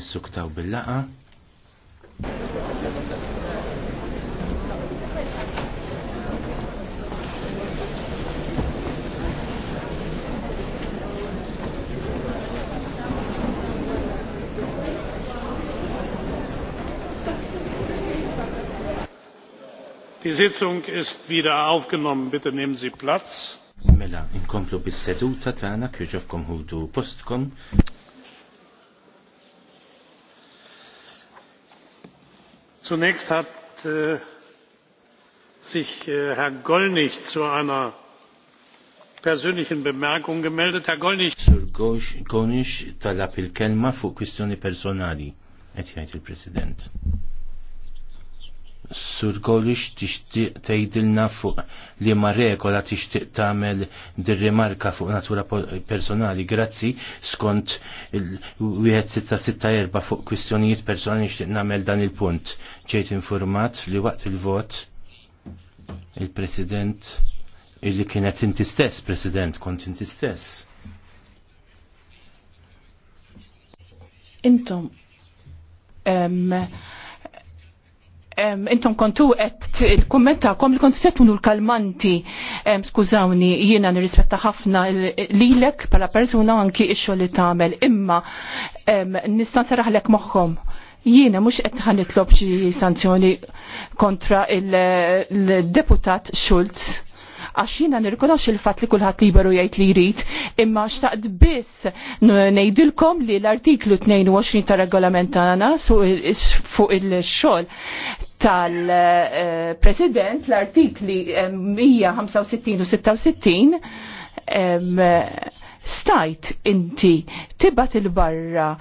Nissuktaw bil-laqa. Die Sitzung ist wieder aufgenommen. Bitte nehmen Sie Platz. Mela, inkomplu bis-seduta tana, kieġobkom hudu postkom. zunächst hat äh, sich äh, herr gollnisch zu einer persönlichen bemerkung gemeldet. herr gollnisch gollnisch talab il-kelma fuq kwistjoni personali qed il-president. Sur Golix tixtieq tgħidilna fuq li ma regola tixtieq tagħmel dir-rimarka fuq natura personali. Grazzi skont wieħed sitta sitta erba' fuq kwistjonijiet personali nixtieq nagħmel dan il-punt. ċejt infurmat li waqt il-vot il-President illi kienet inti stess, President, kont inti stess. Intom, um, intom kontu qed il kom li kontu setunu l-kalmanti skużawni jiena nirrispetta ħafna lilek pala persuna anki iċxu li tagħmel imma nista' nseraħlek moħħhom jiena mhux qed ħanitlob xi sanzjoni kontra il-deputat Schulz għax jina nirkonox il-fatt li kulħadd liberu jgħid li jrid, imma xtaqt biss ngħidilkom li l-artiklu 22 ta' regolament tagħna fuq il-xogħol tal-President l-artikli 165 u 66 stajt inti tibat il-barra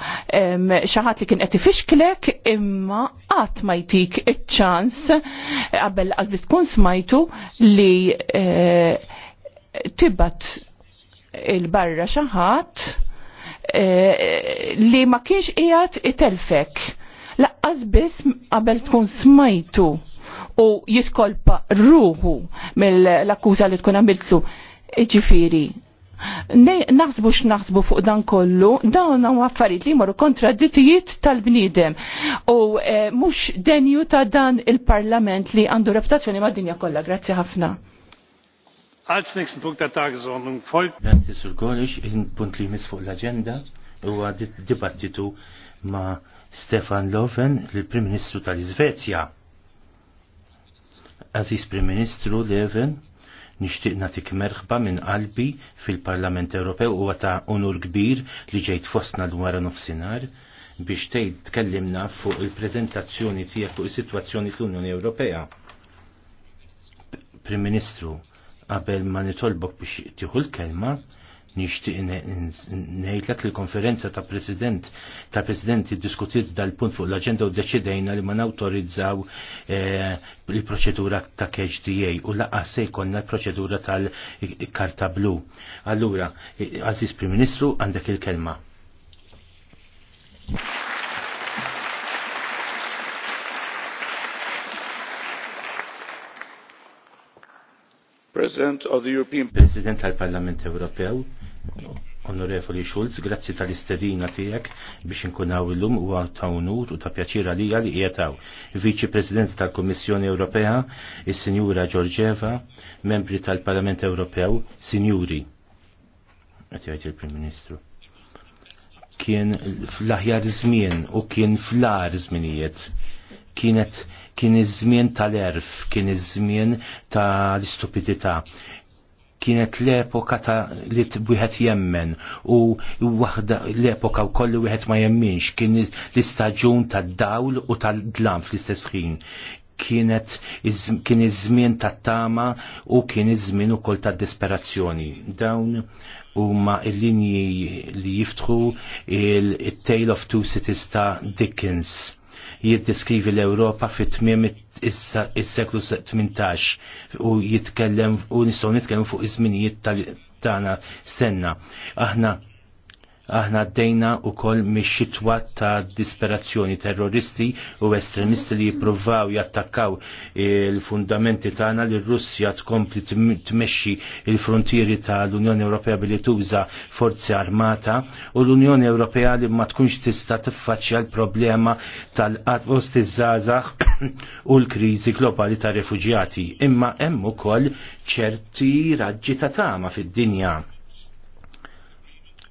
xaħat li kien qed ifixklek imma qatt ma jtik iċ-ċans qabel qasbis tkun smajtu li e, tibat il-barra xaħat e, li ma kienx qiegħed itelfek laqqas biss qabel tkun smajtu u jiskolpa ruħu mill-akkuża li tkun għamiltu Ġifiri, naħsbu x'naħsbu fuq dan kollu, dawn huwa affarijiet li jmorru kontra tal-bniedem u eh, mhux denju ta' dan il-Parlament li għandu reputazzjoni mad-dinja kollha. Grazzi ħafna. Als nächsten Punkt der Tagesordnung folgt. Grazzi Sur Golisch, punt li jmiss fuq l-agenda huwa dibattitu ma' Stefan Lofen, l prim Ministru tal-Iżvezja. Aziz Prim Ministru Leven, Nixtieq nagħtik merħba minn qalbi fil-Parlament Ewropew huwa ta' unur kbir li ġejt fostna l wara nofsinhar biex tgħid tkellimna fuq il-preżentazzjoni tiegħek fuq is-sitwazzjoni fl-Unjoni Ewropea. Prim Ministru, qabel ma nitolbok biex tieħu l-kelma, nixtieq ngħidlek li konferenza ta' president ta' president diskutiet dal-punt fuq l-aġenda u deċidejna li ma nautorizzaw eh, il-proċedura ta' KHDA u laqqas se jkollna l-proċedura tal-karta blu. Allura, għazis eh, Prim Ministru, għandek il-kelma. President of the European President tal-Parlament Ewropew, Onorevoli Schulz, grazzi tal-istedina tijek biex inkunaw illum u ta' unur u ta' pjaċira li għal jietaw. Viċi President tal komissjoni Ewropea, il-Sinjura Giorgeva, membri tal-Parlament Ewropew, Sinjuri. Għatijajt il-Prim Ministru. Kien fl-aħjar zmin u kien fl-ar zminijiet. Kienet kien iż-żmien tal-erf, kien iż-żmien tal-istupidità. Kienet l-epoka ta' li wieħed jemmen u waħda l-epoka wkoll li wieħed ma jemminx, kien l-istaġun tad-dawl u tal-dlam fl-istess ħin kienet kien iż-żmien tat-tama u kien iż-żmien ukoll tad-disperazzjoni. Dawn huma l-linji li jiftħu il-Tale of Two Cities ta' Dickens jiddeskrivi l-Ewropa fit-tmiem is-seklu 18 u jitkellem u nistgħu nitkellem fuq iż-żminijiet tal-tana senna. Aħna aħna għaddejna u koll mix-xitwa ta' disperazzjoni terroristi u estremisti li jippruvaw jattakkaw il-fundamenti tagħna li r-Russja tkompli tmexxi il-frontieri tal-Unjoni Ewropea billi tuża forzi armata u l-Unjoni Ewropea li ma tkunx tista' tiffaċċja l-problema tal-qatt iż-żgħażagħ u l-kriżi globali ta' refuġjati. Imma hemm ukoll ċerti raġġi ta' tama fid-dinja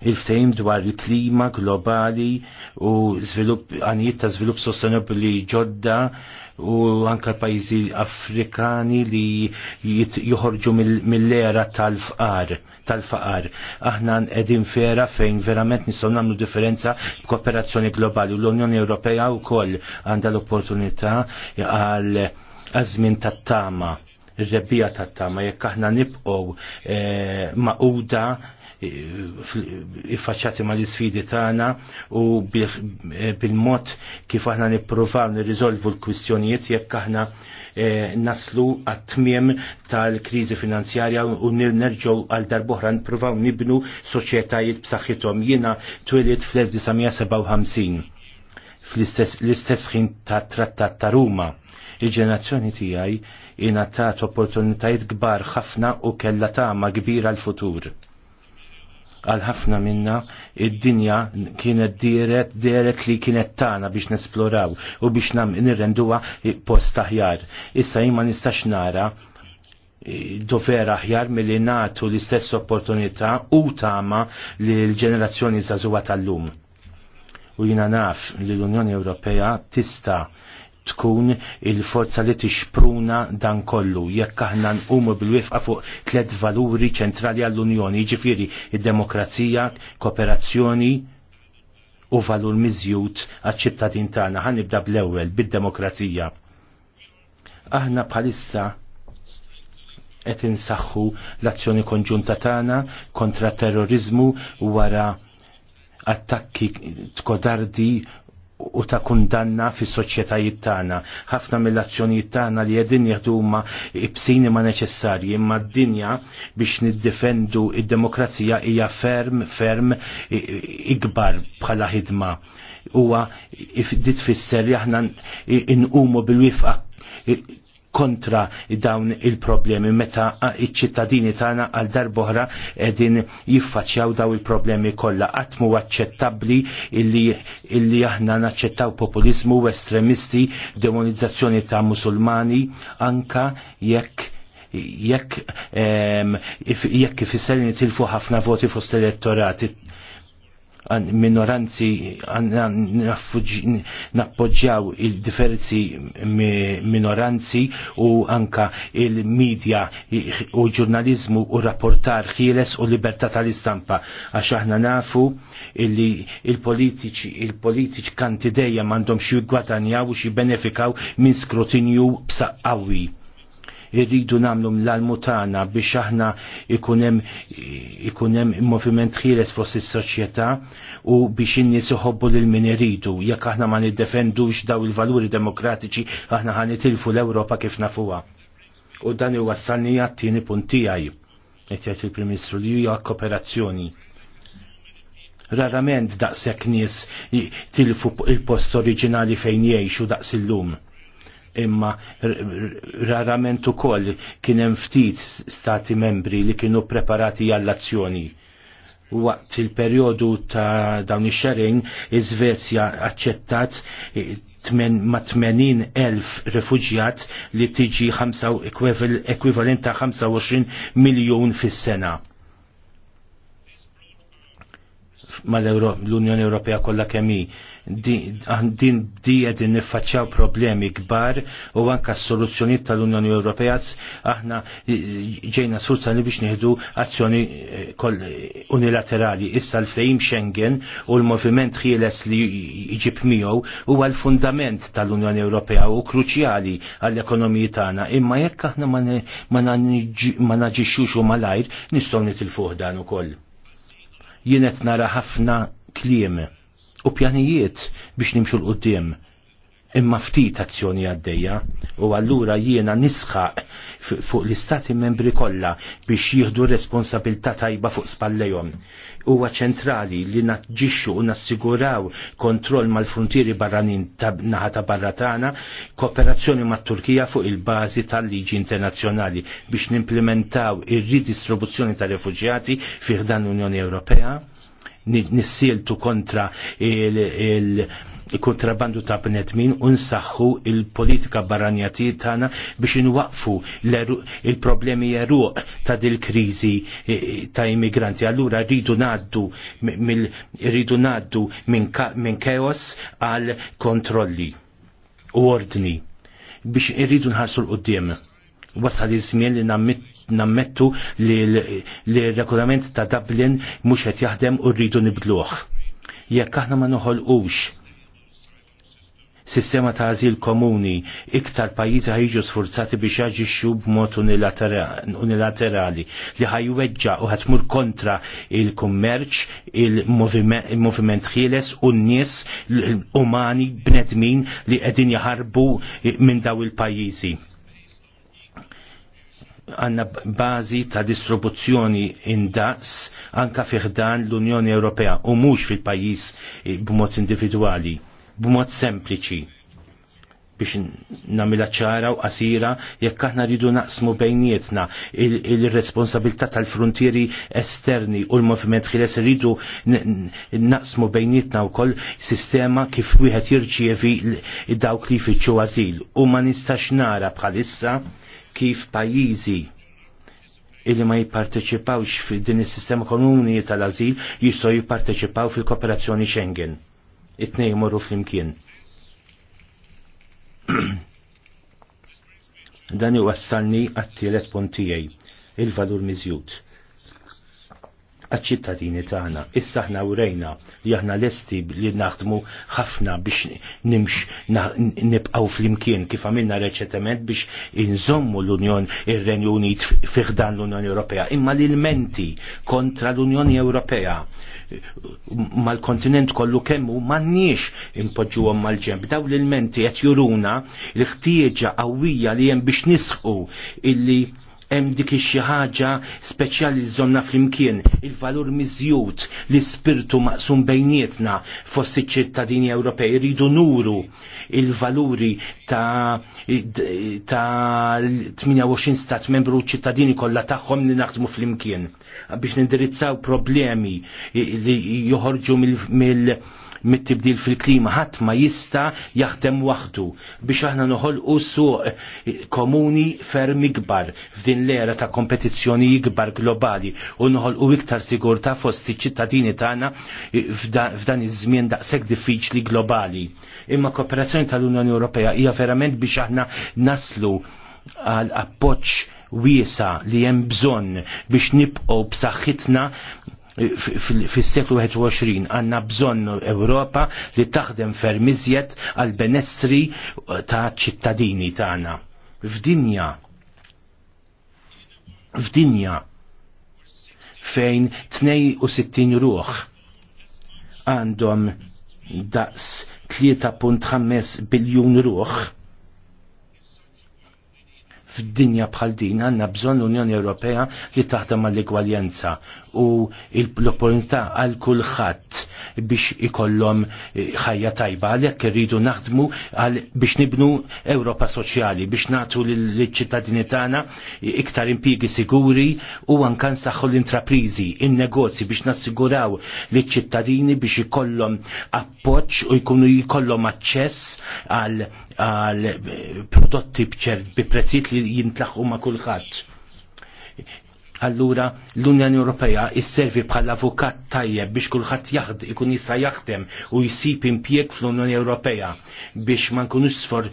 il fejm dwar il-klima globali u għanijiet ta' zvilup sostenibli ġodda u anka pajzi afrikani li joħorġu mill lera tal-fqar tal-faqar. Aħna edin fera fejn verament nistgħu nagħmlu differenza b'kooperazzjoni globali u l-Unjoni Ewropea wkoll għandha l-opportunità għal azmin tat-tama ir-rebbija tat-tama jekk aħna nibqgħu eh, maquda iffaċċati ma l-isfidi tagħna u eh, bil-mod kif aħna nippruvaw nirriżolvu l-kwistjonijiet jekk aħna eh, naslu għat-tmiem tal-kriżi finanzjarja u nerġgħu għal darbohra nippruvaw nibnu soċjetajiet b'saħħithom. Jiena twilit fl-1957 fl-istess ħin ta' trattat ta' Ruma il-ġenerazzjoni tiegħi ingħatat opportunitajiet kbar ħafna u kellha tama kbira l-futur għal ħafna minna id-dinja kienet diret diret li kienet tana biex nesploraw u biex nam nirrenduwa post aħjar. Issa jima nistax nara eh, dovera aħjar mill natu l-istess opportunità u tama li l-ġenerazzjoni zazuwa tal-lum. U jina naf li l-Unjoni Ewropea tista' tkun il-forza li tixpruna dan kollu jekk aħna nqumu bil-wifqa fuq tliet valuri ċentrali għall-Unjoni, jiġifieri id-demokrazija, kooperazzjoni u valur miżjud għaċ-ċittadin tagħna. nibda bl-ewwel bid-demokrazija. Aħna bħalissa qed insaħħu l-azzjoni konġunta tagħna kontra terrorizmu wara attakki tkodardi u ta' kundanna fis soċjetajiet tagħna. Ħafna mill-azzjonijiet tagħna li jedin jaħdu huma ibsini ma neċessarji, imma d-dinja biex niddefendu id-demokrazija hija ferm ferm ikbar bħala ħidma. Huwa dit fisser li aħna umu bil-wifqa kontra dawn il-problemi meta iċ-ċittadini tagħna għal darbohra qegħdin jiffaċċjaw daw il-problemi kollha qatt mhu aċċettabbli illi illi aħna naċċettaw populizmu u estremisti, demonizzazzjoni ta' musulmani anka jekk jekk ehm, jekk ifisser nitilfu ħafna voti fost elettorati minoranzi nappoġġjaw il-differzi minoranzi u anka il-medja u ġurnalizmu u rapportar ħieles u libertà tal-istampa għax aħna nafu li il-politiċi il-politiċi kanti dejjem m'għandhom xi jgwadanjaw u xi benefikaw minn skrutinju b'saqawi irridu namlu l-almutana biex aħna ikunem ikunem moviment ħieles fost is-soċjetà u biex in-nies iħobbu lil min iridu. Jekk aħna ma niddefendux daw il-valuri demokratiċi aħna ħanitilfu l-Ewropa kif nafuha. U dan iwassalni għat-tieni punt tiegħi. Qed il-Prim-Ministru li hija kooperazzjoni rarament daqsek nies tilfu il-post oriġinali fejn jgħixu daqs illum imma rarament ukoll kien hemm ftit stati membri li kienu preparati għall-azzjoni. Waqt il-perjodu ta' dawn ix-xerin, iż-Svezja aċċettat ma' 80.000 rifuġjat li tiġi ekwivalent ta' 25 miljun fis-sena. mal l-Unjoni Ewropea kollha kemm Ah, din dijet niffaċċaw problemi kbar u anka s-soluzzjoniet tal-Unjoni Ewropea aħna ġejna li biex nieħdu azzjoni eh, unilaterali. Issa l-fejm Schengen u l-moviment ħieles li jġib miegħu huwa l-fundament tal-Unjoni Ewropea u kruċjali għall-ekonomiji tagħna. Imma jekk aħna ma naġixxux u malajr nistgħu nitilfuq dan ukoll. Jien qed nara ħafna kliem u pjanijiet biex nimxu l-qoddim imma ftit azzjoni għaddejja u allura jiena nisħaq fuq l-istati membri kollha biex jieħdu responsabilta tajba fuq spallejhom. Huwa ċentrali li naġġixxu u nassiguraw kontroll mal-frontieri barranin naħa ta' barra tagħna, kooperazzjoni mat-Turkija fuq il-bażi tal-liġi internazzjonali biex nimplementaw ir-ridistribuzzjoni tar-refuġjati fih dan l-Unjoni Ewropea Nissiltu kontra il-kontrabandu ta' bnetmin u nsaħħu il-politika barranjati tagħna biex inwaqfu il-problemi jeruq ta' dil-kriżi e, ta' immigranti. Allura rridu ngħaddu rridu naddu minn keos għal kontrolli u ordni biex irridu nħarsu l-qoddim. Wasal iż-żmien li nammittu nammettu li l-regolament ta' Dublin mhux qed jaħdem u rridu nibdluh. Jekk aħna ma noħolqux sistema ta' azil komuni, iktar pajjiżi ħajġu sforzati biex jaġixxu b'mod unilaterali li ħajweġġa u ħatmur kontra il-kummerċ, il-moviment ħieles u n-nies umani bnedmin li qegħdin jaħarbu minn daw il-pajjiżi għanna bazi ta' distribuzzjoni indaqs anka fiħdan l-Unjoni Ewropea u mhux fil-pajjiż eh, b'mod individwali, b'mod sempliċi biex namila ċara u qasira jekk aħna rridu naqsmu bejnietna il-responsabilità tal-frontieri esterni u l-moviment ħiles rridu naqsmu bejnietna wkoll sistema kif wieħed jirċievi dawk li jfittxu għażil u ma nistax nara bħalissa kif pajjiżi illi ma jipparteċipawx fi din is-sistema komuni tal-azil jistgħu jipparteċipaw fil-kooperazzjoni Schengen. It-tnejn jmorru flimkien. Dan iwassalni għat-tielet punt tiegħi, il-valur miżjud għal-ċittadini tagħna. Issa aħna urejna li aħna lesti li naħdmu ħafna biex nimx nibqgħu flimkien kif għamilna reċetament biex inżommu l-Unjon ir-Renju Unit fiħdan l-Unjoni Ewropea. Imma l-ilmenti kontra l-Unjoni Ewropea mal-kontinent kollu kemmu m'għandniex impoġġuhom mal-ġemb. Daw l-ilmenti qed juruna l-ħtieġa qawwija li hemm biex nisħu illi hemm dik xi ħaġa speċjali żonna flimkien, il-valur miżjud l-ispirtu maqsum bejnietna fost iċ-ċittadini Ewropej iridu nuru il-valuri ta' ta' 28 stat membru ċittadini kollha tagħhom li naħdmu flimkien biex nindirizzaw problemi li joħorġu mill mit-tibdil fil-klima ħadd ma jista' jaħdem waħdu biex aħna noħolqu suq komuni ferm ikbar f'din l-era ta' kompetizzjoni ikbar globali u noħolqu iktar sigurtà fost iċ-ċittadini tagħna f'dan iż-żmien daqshekk diffiċli globali. Imma kooperazzjoni tal-Unjoni Ewropea hija verament biex aħna naslu għal appoċċ wiesa li hemm bżonn biex nibqgħu b'saħħitna fis-seklu 21 għandna bżonn Ewropa li taħdem fermizjet għal benessri ta' ċittadini tagħna. F'dinja f'dinja fejn 62 ruħ għandhom daqs 3.5 biljun ruħ f'dinja bħal din għandna bżonn l-Unjoni Ewropea li taħdem mal-igwaljenza u l-opportunità għal kulħadd biex ikollhom eh, ħajja tajba għalhekk irridu naħdmu għal biex nibnu Ewropa soċjali biex nagħtu lill-ċittadini tagħna iktar impjiegi siguri u anke nsaħħu l-intraprizi, in-negozji biex nassiguraw liċ-ċittadini biex ikollhom appoġġ u jkunu jkollhom aċċess għal eh, prodotti bi prezzijiet li jintlaħħu ma' kulħadd. Allura l-Unjoni Ewropea isservi bħal avukat tajjeb biex kulħadd jaħd ikun jista' jaħdem u jsib impjeg fl-Unjoni Ewropea biex ma nkunux sfor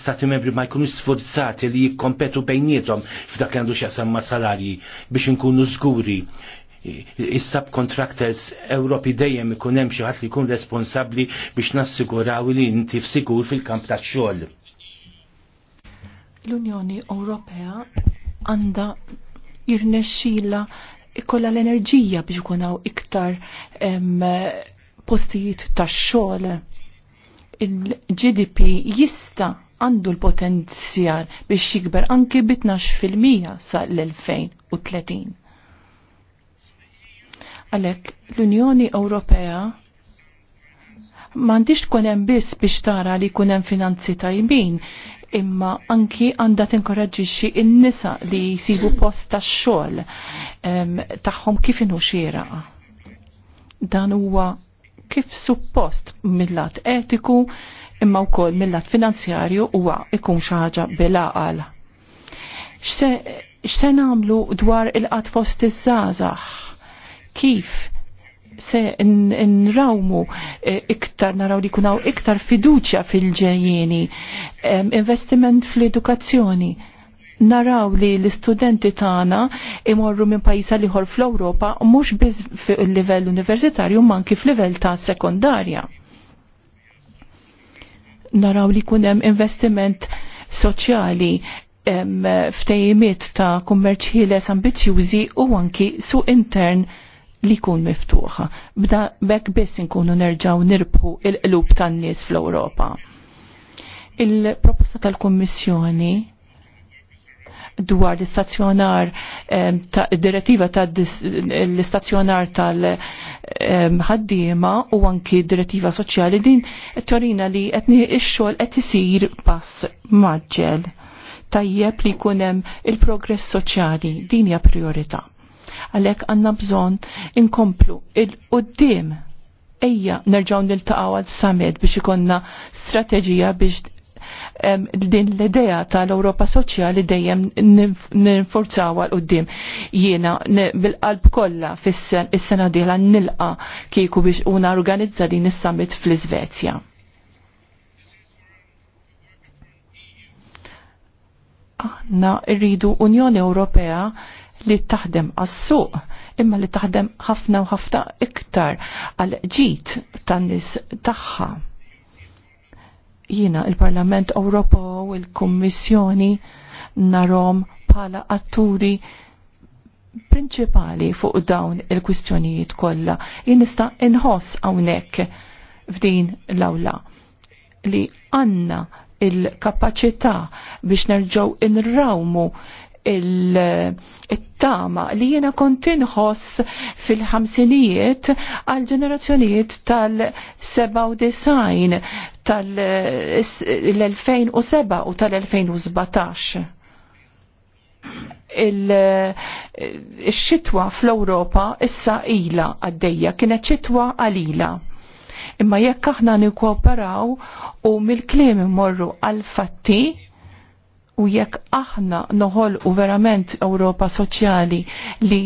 stati membri ma jkunux sforzati li jikkompetu bejniethom f'dak li għandu x'jaqsam ma' salarji biex inkunu żguri is-subcontractors Ewropi dejjem ikun hemm xi ħadd li jkun responsabbli biex nassiguraw li inti fsigur fil-kamp tax-xogħol l-Unjoni Ewropea għandha jirnexxila ikolla l-enerġija biex ikunaw iktar postijiet tax xogħol. Il-GDP jista' għandu l-potenzjal biex jikber anki fil-mija sa l-2030. Għalek, l-Unjoni Ewropea tkun hemm biss biex tara li kunem finanzi tajbin, imma anki għandha tinkoraġġixxi in-nisa li jsibu post tax-xogħol tagħhom kif inu xieraq. Dan huwa kif suppost mill-lat etiku imma wkoll mill-lat finanzjarju huwa ikun xi ħaġa bil-aqal. X'se nagħmlu dwar il-qat fost iż-żgħażagħ? Kif se nrawmu e, iktar, naraw li kunaw iktar fiduċja fil-ġejjeni, investiment fl-edukazzjoni. Naraw li l-istudenti tagħna imorru minn pajjiż liħor fl-Ewropa mhux biz fil-livell universitarju manki fil level ta' sekondarja. Naraw li kunem investiment soċjali ftejimiet ta' kummerċ ħieles ambizzjużi u anki su intern li jkun miftuħa Bda bekk biss inkunu nerġaw nirbħu il-qlub tan-nies fl-Ewropa. Il-proposta tal-Kommissjoni dwar l-istazzjonar ta' direttiva ta' l-istazzjonar tal-ħaddiema u anki direttiva soċjali din torina li etni ix-xogħol qed isir pass maġġel. Tajjeb li jkun hemm il-progress soċjali din hija priorità għalhekk għandna bżonn inkomplu il-qudiem ejja nerġgħu niltaqgħu għal summit biex ikonna strateġija biex din l-idea tal-Europa Soċjali dejjem ninforzaw għal qoddim. Jiena bil-qalb kollha fis-sena dieħla nilqa kieku biex una organizza din is-summit fl-Iżvezja. Aħna rridu Unjoni Ewropea li taħdem għas-suq imma li taħdem ħafna u ħafna iktar għal ġit tan-nies tagħha. Jiena il-Parlament Ewropew, il-Kummissjoni narom bħala atturi prinċipali fuq dawn il-kwistjonijiet kollha. Jien nista' inħoss hawnhekk f'din l-awla li għanna il-kapacità biex nerġgħu inrawmu il-tama li jena kontinħos fil-ħamsinijiet għal ġenerazzjonijiet tal-97 tal-2007 u tal-2017 il-xitwa fl-Europa issa ila għaddejja, kienet xitwa għalila. Imma jekk aħna nikkooperaw u mill-kliem immorru għal-fatti, u jekk aħna noħol u verament Ewropa soċjali li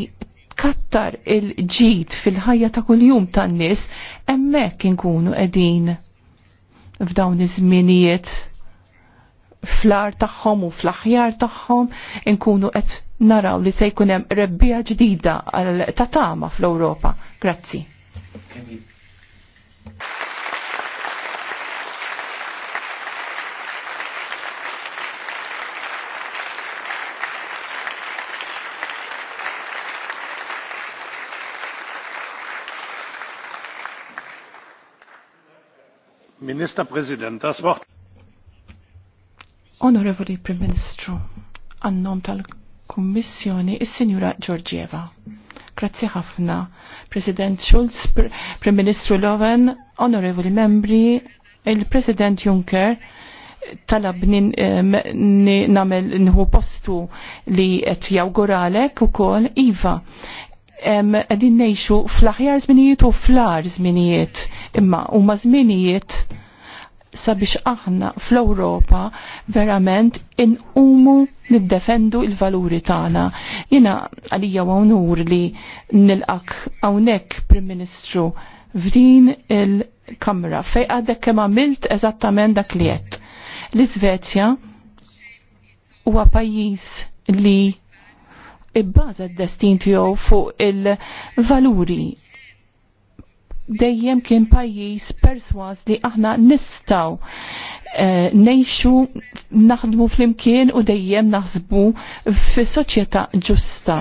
kattar il-ġid fil-ħajja ta' kuljum tan-nies, hemmhekk inkunu qegħdin f'dawn iż-żminijiet fl-ar tagħhom u fl-aħjar tagħhom inkunu qed naraw li se jkun hemm rebbija ġdida ta' tama fl-Ewropa. Grazzi. Ministerpräsident, das Wort. Onorevoli Prim Ministru, annom tal-Kummissjoni il signora Georgieva. Grazzi ħafna, President Schulz, Prim Ministru Loven, onorevoli membri, il-President Juncker, talab eh, namel nħu postu li qed jawguralek ukoll iva għedin nejxu fl-aħjar zminijiet u fl-ar zminijiet imma u ma zminijiet sabiex aħna fl-Europa verament umu niddefendu il-valuri tagħna. Jina għalija onur li nilqak hawnhekk Prim Ministru f'din il-Kamra fej għadek kemm għamilt eżattament dak li qed. L-Iżvezja huwa pajjiż li ibbaża d-destin tiegħu fuq il-valuri dejjem kien pajjiż perswas li aħna nistgħu eh, nejxu naħdmu fl-imkien u dejjem naħsbu fi soċjetà ġusta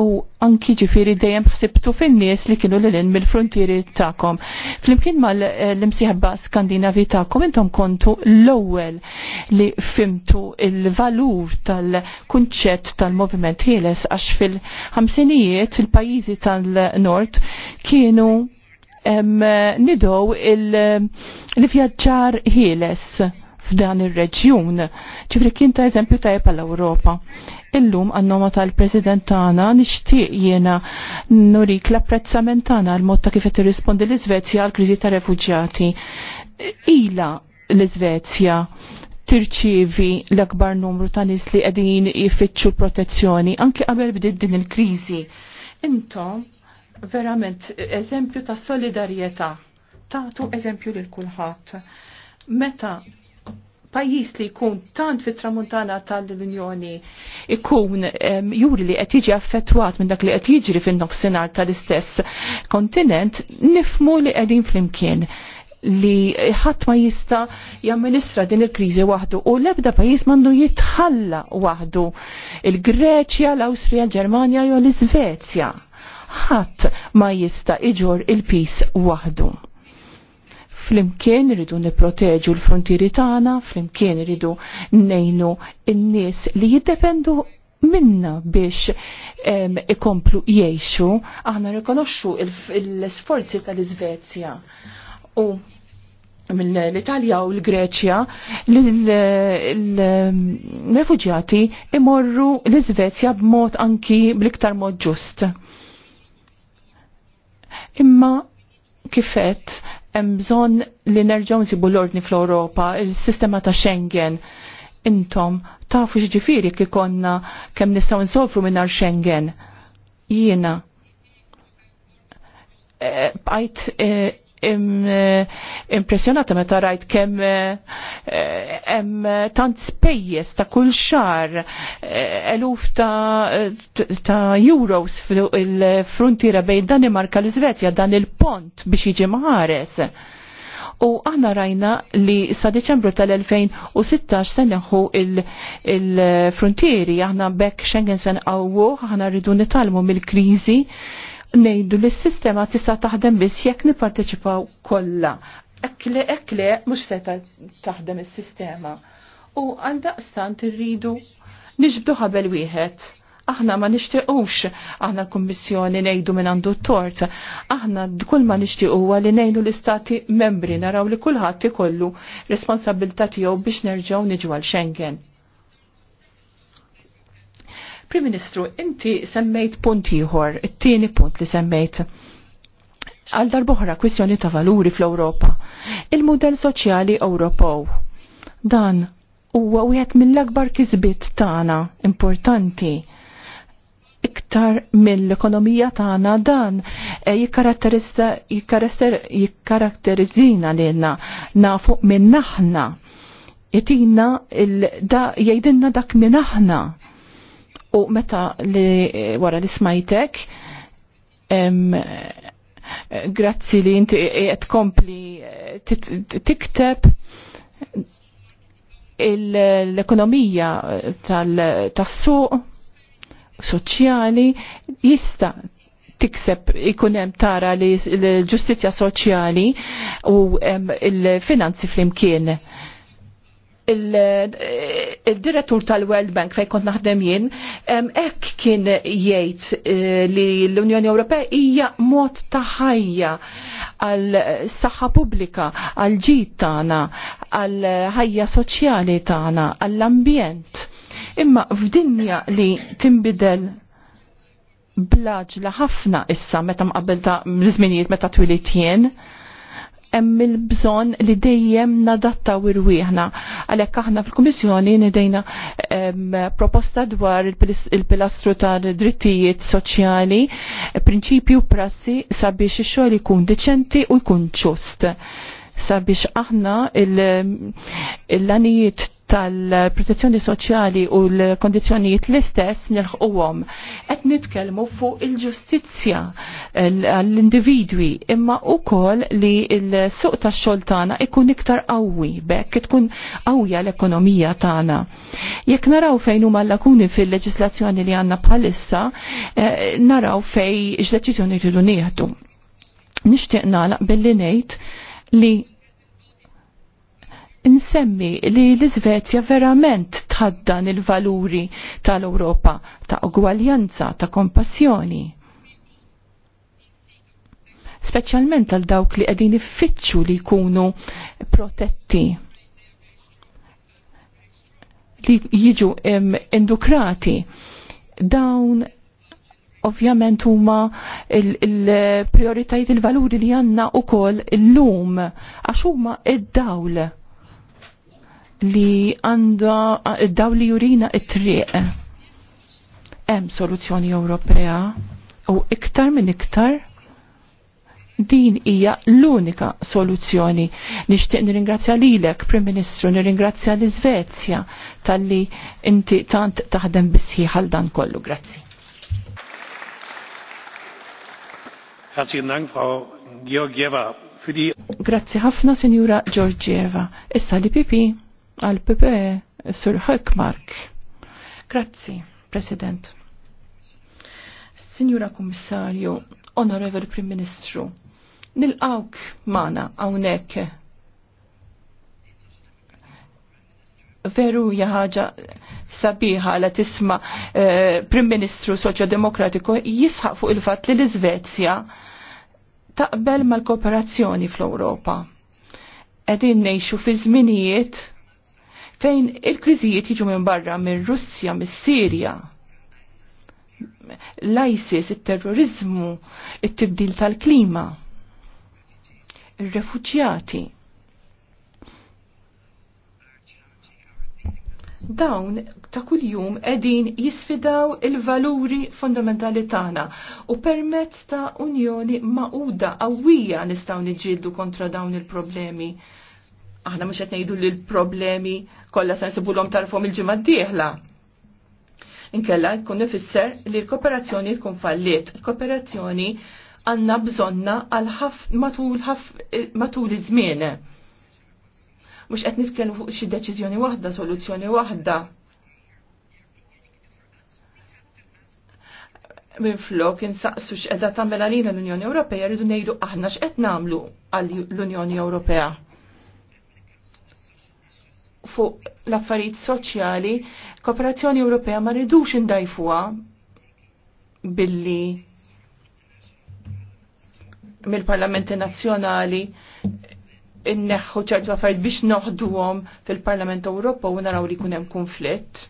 u anki ġifiri dejjem ħsibtu fin-nies li kienu l mill-frontieri tagħkom. Flimkien mal-imsieħba Skandinavi tagħkom intom kontu l-ewwel li fimtu il-valur tal-kunċett tal-moviment ħieles għax fil-ħamsinijiet il-pajjiżi tal-Nord kienu nidow il-vjaġġar ħieles f'dan ir-reġjun. Ċifri kien ta' eżempju tajjeb għall europa Illum għannoma tal-President tagħna nixtieq jiena nurik l-apprezzament tagħna għal mod ta' kif qed tirrispondi l-Iżvezja għal kriżi ta' refuġjati. Ila l-Iżvezja tirċivi l-akbar numru ta' nis li qegħdin jfittxu protezzjoni anke qabel bdiet din il-kriżi. Intom verament eżempju ta' solidarjetà tagħtu eżempju lil kulħadd. Meta pajjiż li jkun tant fit-tramuntana tal-Unjoni ikun juri li qed jiġi affettwat minn dak li qed jiġri fin-nofsinhar tal-istess kontinent, nifmu li qegħdin flimkien li ħadd ma jista jamministra din il-kriżi waħdu u l-ebda pajjiż mandu jitħalla waħdu il-Greċja, l-Awstrija, l-Ġermanja jew l-Iżvezja. Ħadd ma jista iġor il-pis waħdu. Flimkien iridu nipproteġu l-frontieri tagħna, flimkien iridu nejnu n-nies li jiddependu minna biex um, ikomplu jiexu, aħna rikonoxxu l-sforzi tal-Iżvezja. U mill-Italja u l-Greċja, l-refugjati imorru l-Iżvezja b'mod anki bl-iktar mod ġust. Imma kifet hemm bżonn li nerġgħu nsibu l-ordni fl-Ewropa, il-sistema ta' Schengen. Intom tafu x'ġifieri kif konna kemm nistgħu nsofru mingħajr Schengen. Jiena eh, Bajt eh, impressjonata meta rajt kemm hemm eh, tant spejjeż ta' kull xar eh, eluf ta' eh, euros il-frontiera bejn Danimarka l iżvezja dan il-pont biex jiġi maħares. U aħna rajna li sa' Deċembru tal-2016 senneħu il-frontieri, il aħna bekk Schengen sen għawwu, aħna rridu nitalmu mill-krizi nejdu li s-sistema tista' taħdem biss jekk nipparteċipaw kollha. Ekle, ekle, mhux se taħdem is-sistema. U għaldaqstant irridu nixbdu ħabel wieħed. Aħna ma nixtiequx, aħna l-Kummissjoni nejdu minn għandu t-tort. Aħna kull ma nixtiequ li nejdu l-istati membri naraw li kulħadd ikollu responsabilta tiegħu biex nerġgħu niġu għal Schengen Prim Ministru, inti semmejt punt ieħor, it-tieni punt li semmejt għal darboħra kwistjoni ta' valuri fl-Ewropa. Il-modell soċjali Ewropew. Dan huwa wieħed mill-akbar kisbiet tagħna importanti iktar mill-ekonomija tagħna dan eh, jikkaratterizzina lilna nafu minn aħna jitina jgħidilna dak minn aħna U meta li wara li smajtek, grazzi li inti qed kompli eh, tikteb l-ekonomija eh, tas-suq soċjali jista tikseb ikun hemm tara li l-ġustizzja soċjali u l-finanzi flimkien il-direttur tal-World Bank fej kont naħdem jien, ek kien jgħid eh, li l-Unjoni Ewropea hija mod ta' ħajja għal saħħa pubblika, għal ġid tagħna, għal ħajja soċjali tagħna, għall ambjent Imma f'dinja li timbidel blaġla ħafna issa meta mqabbel ta' żminijiet meta twilit jien, hemm il-bżonn li dejjem nadattaw irwieħna. Għalhekk aħna fil-Kummissjoni nidejna proposta dwar il-pilastru tal-drittijiet soċjali, prinċipju prassi sabiex ix-xogħol ikun deċenti u jkun ċust sabiex aħna l-lanijiet tal-protezzjoni soċjali u l-kondizjonijiet l-istess nilħquhom. Qed nitkellmu fuq il-ġustizzja għall-individwi imma wkoll li l-suq tax-xogħol tagħna ikun iktar qawwi bekk tkun qawwija l-ekonomija tagħna. Jekk naraw fejn huma lakuni fil-leġislazzjoni li għandna bħalissa, eh, naraw fej x'deċiżjoni rridu nieħdu. Nixtieq nagħlaq billi ngħid li insemmi li l-Izvezja verament tħaddan il-valuri tal-Europa ta' ugwaljanza, ta' kompassjoni. Speċjalment għal dawk li qegħdin iffittxu li jkunu protetti li jiġu indukrati dawn ovvjament huma il-prioritajiet il, valuri li għanna u kol l-lum għax huma id-dawl li għandha daw li jurina it-triq. Hemm soluzzjoni Ewropea u iktar minn iktar din hija l-unika soluzzjoni. Nixtieq nirringrazzja lilek, Prim Ministru, nirringrazzja l iżvezja talli inti tant taħdem bisħiħ għal dan kollu. Grazzi. Herzlichen Dank, Frau Georgieva. Grazzi ħafna, Sinjura Georgieva. Issa li pipi għal-PPE Sur Hökmark. Grazzi, President. Signora Kommissarju, Honorable Prim Ministru, nil-għawk mana għawnek veru jaħġa sabiħa la tisma eh, Prim Ministru Soċjodemokratiku jisħaq fuq il-fat li l-Svezja taqbel mal-kooperazzjoni fl-Ewropa. Edin nejxu fi żminijiet fejn il-kriżijiet jiġu minn barra minn Russja, minn Sirja. L-ISIS, il-terrorizmu, il-tibdil tal-klima, il-refuġjati. dawn ta' kuljum edin jisfidaw il-valuri fondamentali tagħna u permezz ta' unjoni maquda qawwija nistgħu niġġieldu kontra dawn il-problemi. Aħna mhux qed ngħidu li l-problemi kollha se nsibulhom tarfhom il-ġimgħa d-dieħla. Inkella jkun ifisser li l-kooperazzjoni tkun falliet. l kooperazzjoni għandna bżonna għal matul eh, matul iż-żmien. Mhux qed nitkellmu fuq xi deċiżjoni waħda, soluzzjoni waħda. Min flok insaqsu x'qeda tagħmel għalina l-Unjoni Ewropea rridu ngħidu aħna x'qed nagħmlu għall-Unjoni Ewropea fuq l-affarijiet soċjali, kooperazzjoni Ewropea ma rridux indajfuha billi mill-parlamenti nazzjonali inneħħu ċertu affarijiet biex noħduhom fil-Parlament Ewropa u naraw li jkun hemm konflitt.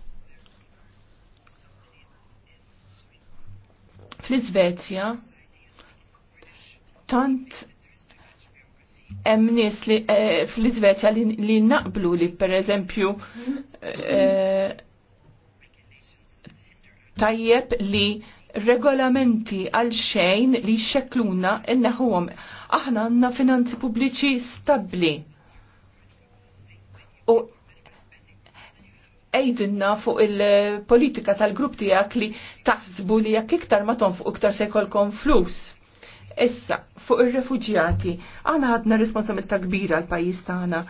Fl-Iżvezja tant hemm nies li eh, fl-Iżvezja li, naqblu li pereżempju eh, tajjeb li regolamenti għal xejn li xekluna inneħuhom. Aħna għandna finanzi pubbliċi stabbli. U ejdinna fuq il-politika tal-grupp tijak li taħsbu li jak iktar ma tonfuq iktar se jkollkom flus. Issa, fuq ir-refuġjati. Għana għadna responsabilità kbira l pajjiż tagħna.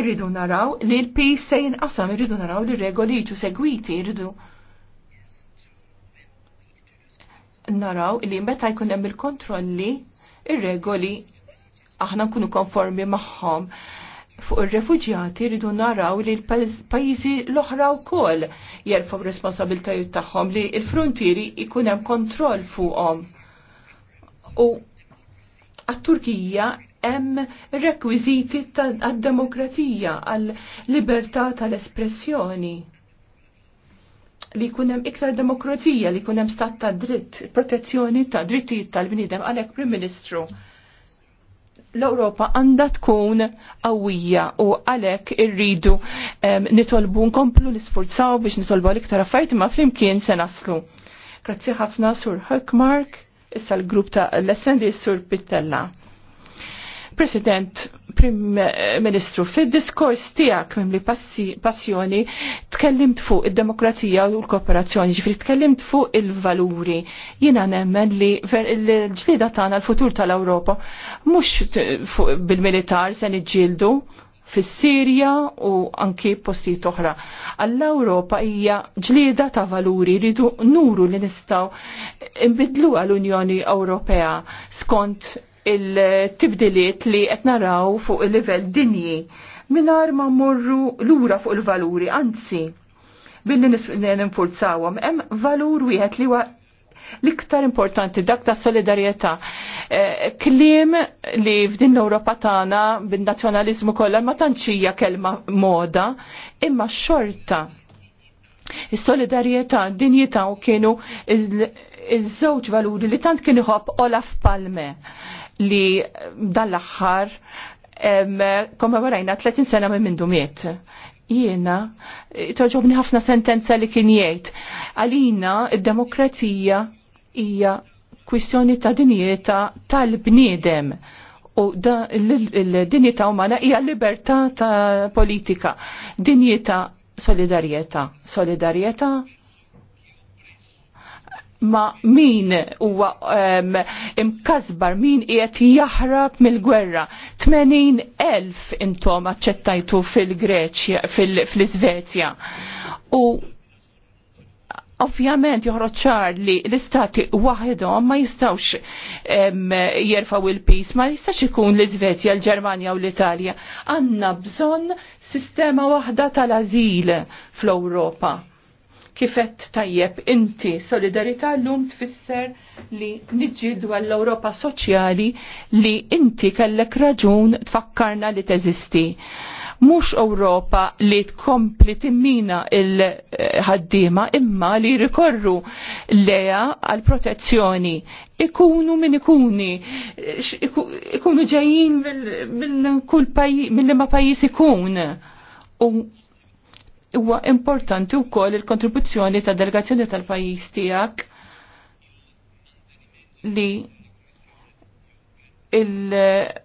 Irridu naraw li l-pis se jinqasam, irridu naraw li regoli jiġu segwiti, irridu naraw li meta jkun hemm il-kontrolli, ir-regoli aħna nkunu konformi magħhom. Fuq ir-refuġjati rridu naraw li l-pajjiżi l-oħra wkoll jerfgħu responsabiltajiet tagħhom li l-frontieri jkun hemm kontroll fuqhom. U għat-Turkija hemm rekwiżiti għad-demokrazija, għal-libertà tal-espressjoni. Li jkun hemm iktar demokrazija, li jkun hemm stat ta' dritt, protezzjoni ta' drittijiet tal-bniedem għalhekk Prim Ministru. L-Ewropa għandha tkun qawwija u għalhekk irridu nitolbu nkomplu nisforzaw biex nitolbu għal iktar affarijiet ma flimkien se naslu. Grazzi ħafna Sur Hökmark issa l-grupp ta' l-essendi sur Pittella. President, Prim Ministru, fil-diskors tijak mim li passjoni tkellimt fuq id-demokrazija u l-kooperazzjoni, ġifri tkellimt fuq il-valuri. Jina nemmen li l-ġlida tagħna l-futur tal-Ewropa mhux bil-militar se niġġieldu, fis-Sirja u anki postijiet oħra. Għall-Ewropa hija ġlieda ta' valuri ridu nuru li nistgħu nbidlu għall-Unjoni Ewropea skont il-tibdiliet li qed naraw fuq il-livell dinji minar ma morru lura fuq il-valuri, anzi, billi ninfurzawhom hemm valur wieħed li huwa l-iktar importanti dak ta' solidarjetà. Eh, Kliem li f'din l-Ewropa tagħna bin-nazzjonaliżmu kollha ma tantxija kelma moda, imma xorta. Is-solidarjetà, din u kienu iż-żewġ valuri li tant kien iħobb Olaf Palme li dan l-aħħar komemorajna 30 sena minn mindu miet. Jiena, toġobni ħafna sentenza li kien jgħid. Għalina, id-demokrazija hija kwistjoni ta' dinjeta tal-bniedem u da, l-dinjeta umana hija libertà ta' politika, dinjeta solidarieta, solidarieta ma min huwa imkazbar min qiegħed jaħrab mill-gwerra. 80,000 intom aċċettajtu fil-Greċja, fil-Iżvezja. Fil u Ovvjament joħroġ ċar li l-istati waħedhom ma jistawx jerfaw il-pis, ma jistax ikun l-Iżvezja, l-Ġermanja u l-Italja. Għanna bżonn sistema waħda tal-azil fl-Ewropa. Kifet tajjeb inti solidarità l-lum tfisser li nġidu għall-Ewropa soċjali li inti kellek raġun tfakkarna li teżisti mhux Ewropa li tkompli timmina il-ħaddiema imma li rikorru leja għal protezzjoni ikunu min ikuni ikunu ġejjin mill-kull mill-ma pajjiż ikun u huwa importanti wkoll il-kontribuzzjoni ta' delegazzjoni tal-pajjiż tiegħek li il-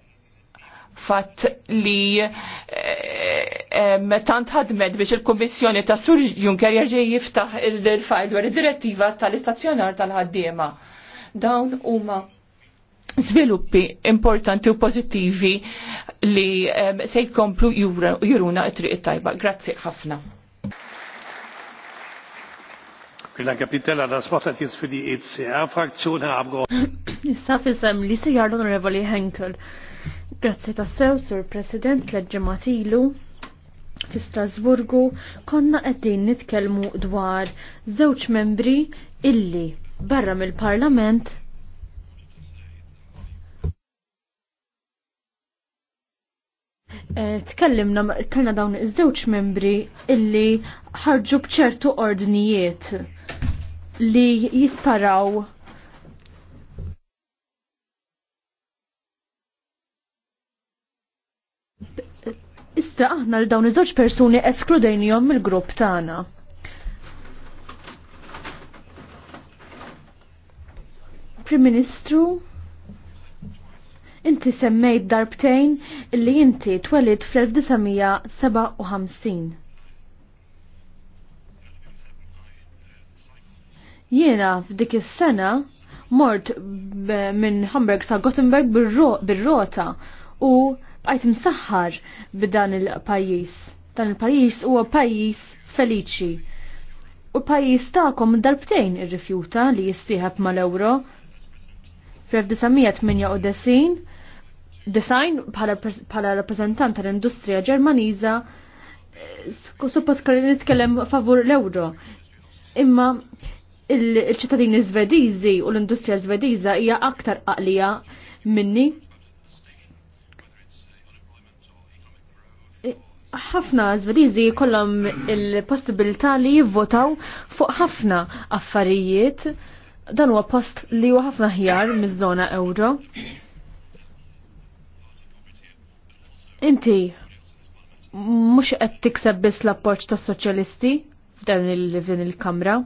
fatt li eh, tant ħadmet biex il-Kommissjoni ta' Sur Juncker jerġej jiftaħ il-fajl dwar id-direttiva tal-istazzjonar tal-ħaddiema. Dawn huma sviluppi importanti u pozittivi li se jkomplu juruna it-triq tajba. Grazzi ħafna. Vielen Kapitella, das Wort hat jetzt für die ECR-Fraktion, Herr Abgeordneter. Ich Lisa Jardon Revoli Henkel. Grazzi tassew, Sur President, l-ġemat ilu fi Strasburgu konna qegħdin nitkellmu dwar żewġ membri illi barra mill-Parlament eh, Tkellimna kellna dawn iż-żewġ membri illi ħarġu bċertu ordnijiet li jisparaw Iżda aħna l dawn iż-żewġ persuni eskludejniehom mill-grupp tagħna. Prim Ministru, inti semmejt darbtejn illi inti twelid fl-1957. Jiena f'dik is-sena mort minn Hamburg sa Gothenburg bir-rota u għajt msaħħar b'dan il-pajjiż. Dan il-pajjiż huwa pajjiż feliċi. U pajjiż tagħkom darbtejn irrifjuta li jistieħeb mal-ewro. Fl-1998 design bħala rappresentant tal-industrija ġermaniża eh, suppost kalli nitkellem favur l-euro. Imma il-ċittadini zvedizi u l-industrija zvediza hija aktar qaqlija minni ħafna Zvedizi kollhom il-possibilità li jivvotaw fuq ħafna affarijiet. Dan huwa post li huwa ħafna ħjar miż-żona euro. Inti mhux qed tikseb biss l-appoġġ tas-soċjalisti f'dan il-kamra.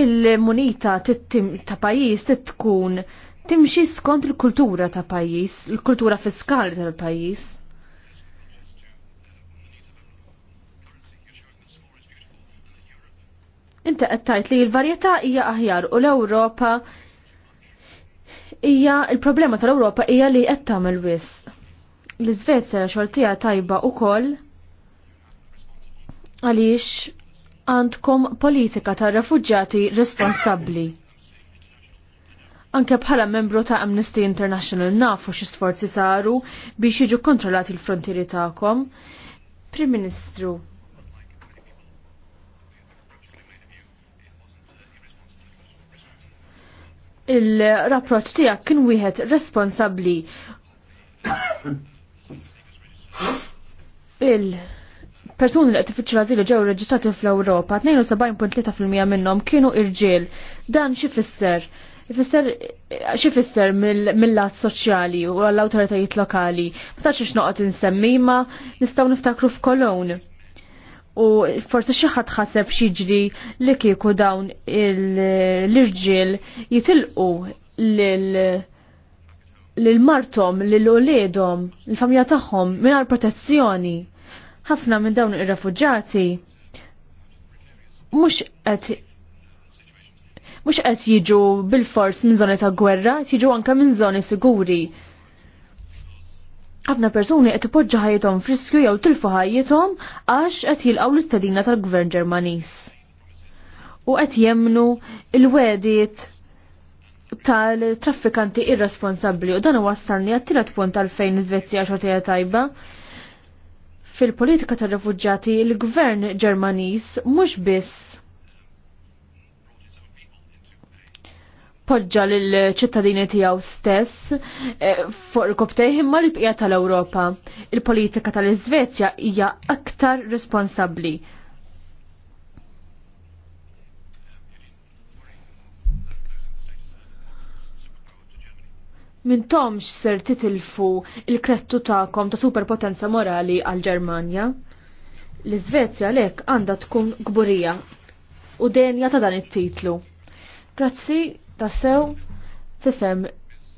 Il-munita ta' pajjiż tkun timxi skont il-kultura ta' pajjiż, il-kultura fiskali tal-pajjiż. Inta qed tgħid li l-varjetà hija aħjar u l-Ewropa hija il-problema tal-Ewropa hija li qed tagħmel wis. L-Iżvezja xortija tajba ukoll għaliex għandkom politika tar refuġġati responsabbli. Anke bħala membru ta' Amnesty International nafu xi sforzi saru biex jiġu kontrollati l-frontieri tagħkom. Prim Ministru, il-rapproċ tiegħek kien wieħed responsabbli. il-persuni li qed tiffiċċju l-ażil ġew reġistrati fl-Ewropa 72.3% minnhom kienu irġiel. Dan xi fisser Ifisser, xifisser mill-lat soċjali u għall-autoritajiet lokali. ma xiex noqgħod insemmi ma nistgħu niftakru f'Kolon. U forsi xi ħadd ħaseb xiġri li kieku dawn l-irġiel jitilqu lil martom l-uledom, il-familja tagħhom mingħajr protezzjoni. Ħafna minn dawn ir refugġati mhux qed mhux qed jiġu bil-fors minn żoni ta' gwerra, jiġu anke minn żoni siguri. Għafna persuni qed poġġa ħajetom friskju jew tilfu ħajjithom għax qed jilqgħu l-istedina tal-Gvern Ġermaniż. U qed jemnu il-wediet tal-traffikanti irresponsabbli u dan wassalni għat-tielet punt għalfejn iż-Svezja xortija tajba fil-politika tar refugġati l-gvern Ġermaniż mhux biss poġġa lill-ċittadini tiegħu stess eh, fuq il-koptejh imma l-bqija tal-Ewropa. Il-politika tal-Iżvezja hija aktar responsabbli. Tomx ser titilfu il-krettu ta'kom ta' superpotenza morali għal-Ġermanja. L-Iżvezja lek għanda tkun gburija u denja ta' dan it-titlu. Grazzi Tassew, fisem,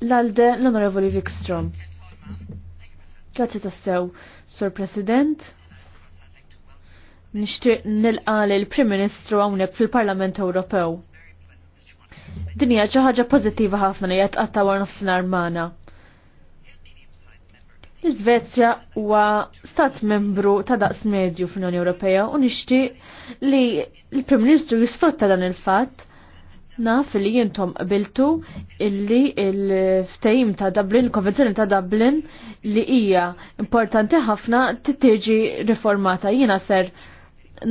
l-alde l-Onorevoli Vikstrom. Grazzi tassew, Sur President. Nishtiq nilqa l-Prim Ministru hawnhekk fil-Parlament Ewropew. Dinja ċaħġa ħaġa pożittiva ħafna li qed għatta għar nofsinhar armana. L-Svezja huwa stat membru ta' daqs medju fl-Unjoni Ewropea u nixtieq li l-Prim Ministru jisfrutta dan il-fatt Naf li jintom biltu illi il-ftejim ta' Dublin, il-konvenzjoni ta' Dublin li hija importanti ħafna titteġi riformata. Jiena ser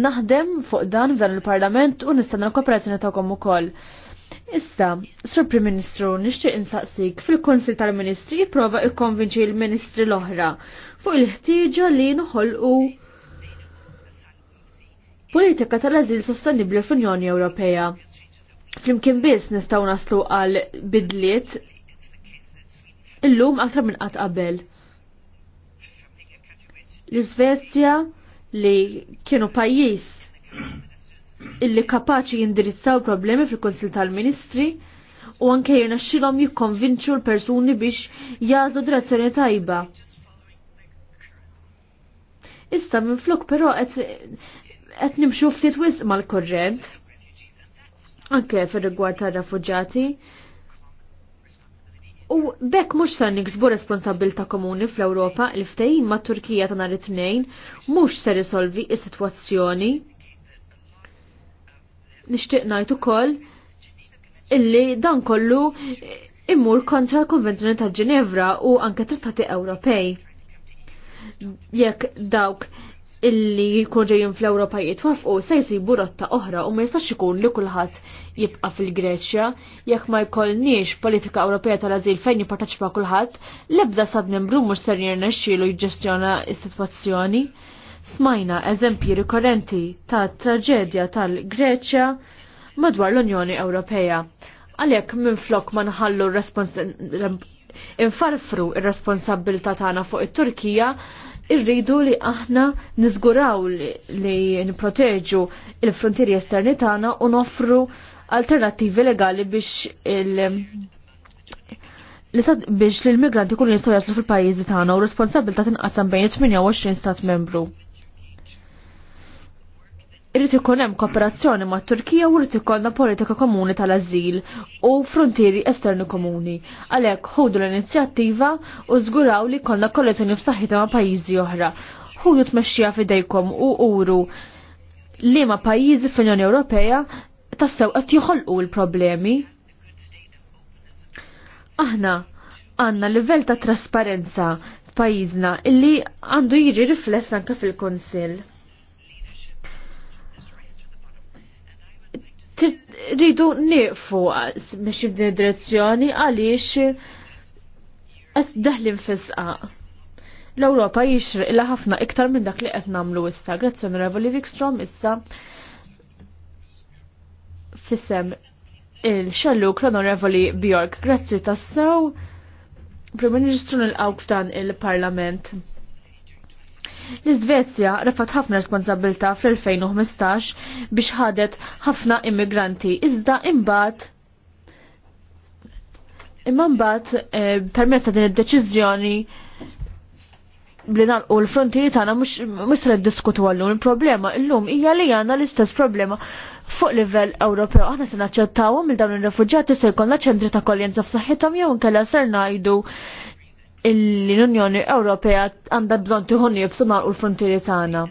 naħdem fuq dan f'dan il-Parlament u nistanna l-kooperazzjoni tagħkom ukoll. Issa, Sur Prim Ministru, nixtieq insaqsik fil kunsil tal-Ministri jipprova jikkonvinċi l-Ministri l-oħra fuq il-ħtieġa li noħolqu politika tal-azil sostenibli fl-Unjoni Ewropea Flimkien biss nistgħu naslu għal bidliet illum aktar minn qatt qabel. L-Iżvezja li kienu pajjiż illi kapaċi jindirizzaw problemi fil-Konsil tal-Ministri u anke jirnaxxilhom jikkonvinċu l-persuni biex jagħżu direzzjoni tajba. Issa minn flok però qed nimxu ftit wisq mal-korrent anke fir-rigward tar-refuġati. U bekk mhux ser niksbu responsabilta komuni fl-Ewropa l ftehim ma' Turkija ta' nhar it-tnejn mhux ser risolvi s-sitwazzjoni. Nixtieq ngħid ukoll illi dan kollu immur kontra l-Konvenzjoni ta' Ġinevra u anke Trattati Ewropej jekk dawk illi jkun ġejjin fl-Ewropa jitwafqu se jsibu rotta oħra u ma jistax ikun li kulħadd jibqa' fil-Greċja jekk ma jkollniex politika Ewropea tal-Ażil fejn jipparteċipa kulħadd l-ebda sad membru mhux ser jirnexxielu jġġestjona s-sitwazzjoni. Smajna eżempji rikorrenti ta' traġedja tal-Greċja madwar l-Unjoni Ewropea. Għalhekk minflok ma nħallu infarfru ir-responsabbilta tagħna fuq it-Turkija, irridu li aħna niżguraw li nipproteġu il-frontieri esterni tagħna u noffru alternattivi legali biex il- Lisad biex l-immigranti kun jistgħu jaslu fil pajjiżi tagħna u responsabilta tinqasam bejn 28 stat membru irrit ikun hemm kooperazzjoni mat Turkija u rrid ikollna politika komuni tal-ażil u frontieri esterni komuni. Għalhekk ħudu l-inizjattiva u żguraw li jkollna kollezzjoni f'saħħitha ma' pajjiżi oħra. Ħudu tmexxija f'idejkom u uru li ma' pajjiżi fl-Unjoni Ewropea tassew qed joħolqu l-problemi. Aħna għandna livell ta' trasparenza f'pajjiżna illi għandu jiġi rifless anke fil-Konsill rridu nifu biex f'din direzzjoni għaliex daħlin fisqa. L-Ewropa illa ħafna iktar minn dak li qed nagħmlu issa. Grazzi Onorevoli Wikstrom issa fissem il-xalluk l-Onorevoli Bjork. Grazzi tassew. Prim Ministru nil f'dan il-Parlament. L-Iżvezja refat ħafna responsabilta fl-2015 biex ħadet ħafna immigranti. Iżda imbagħad imma mbagħad eh, permezz ta' din id-deċiżjoni li nalqu l-frontieri tagħna mhux se niddiskutu għallum il-problema illum hija li għandna l-istess problema fuq livell Ewropew aħna se naċċettawhom il dawn ir-refuġjati se jkollna ċentri ta' kolljenza f'saħħithom jew inkella ser ngħidu l-Unjoni Ewropea għandha bżonn tiħunni f'sunar u l-frontieri tagħna.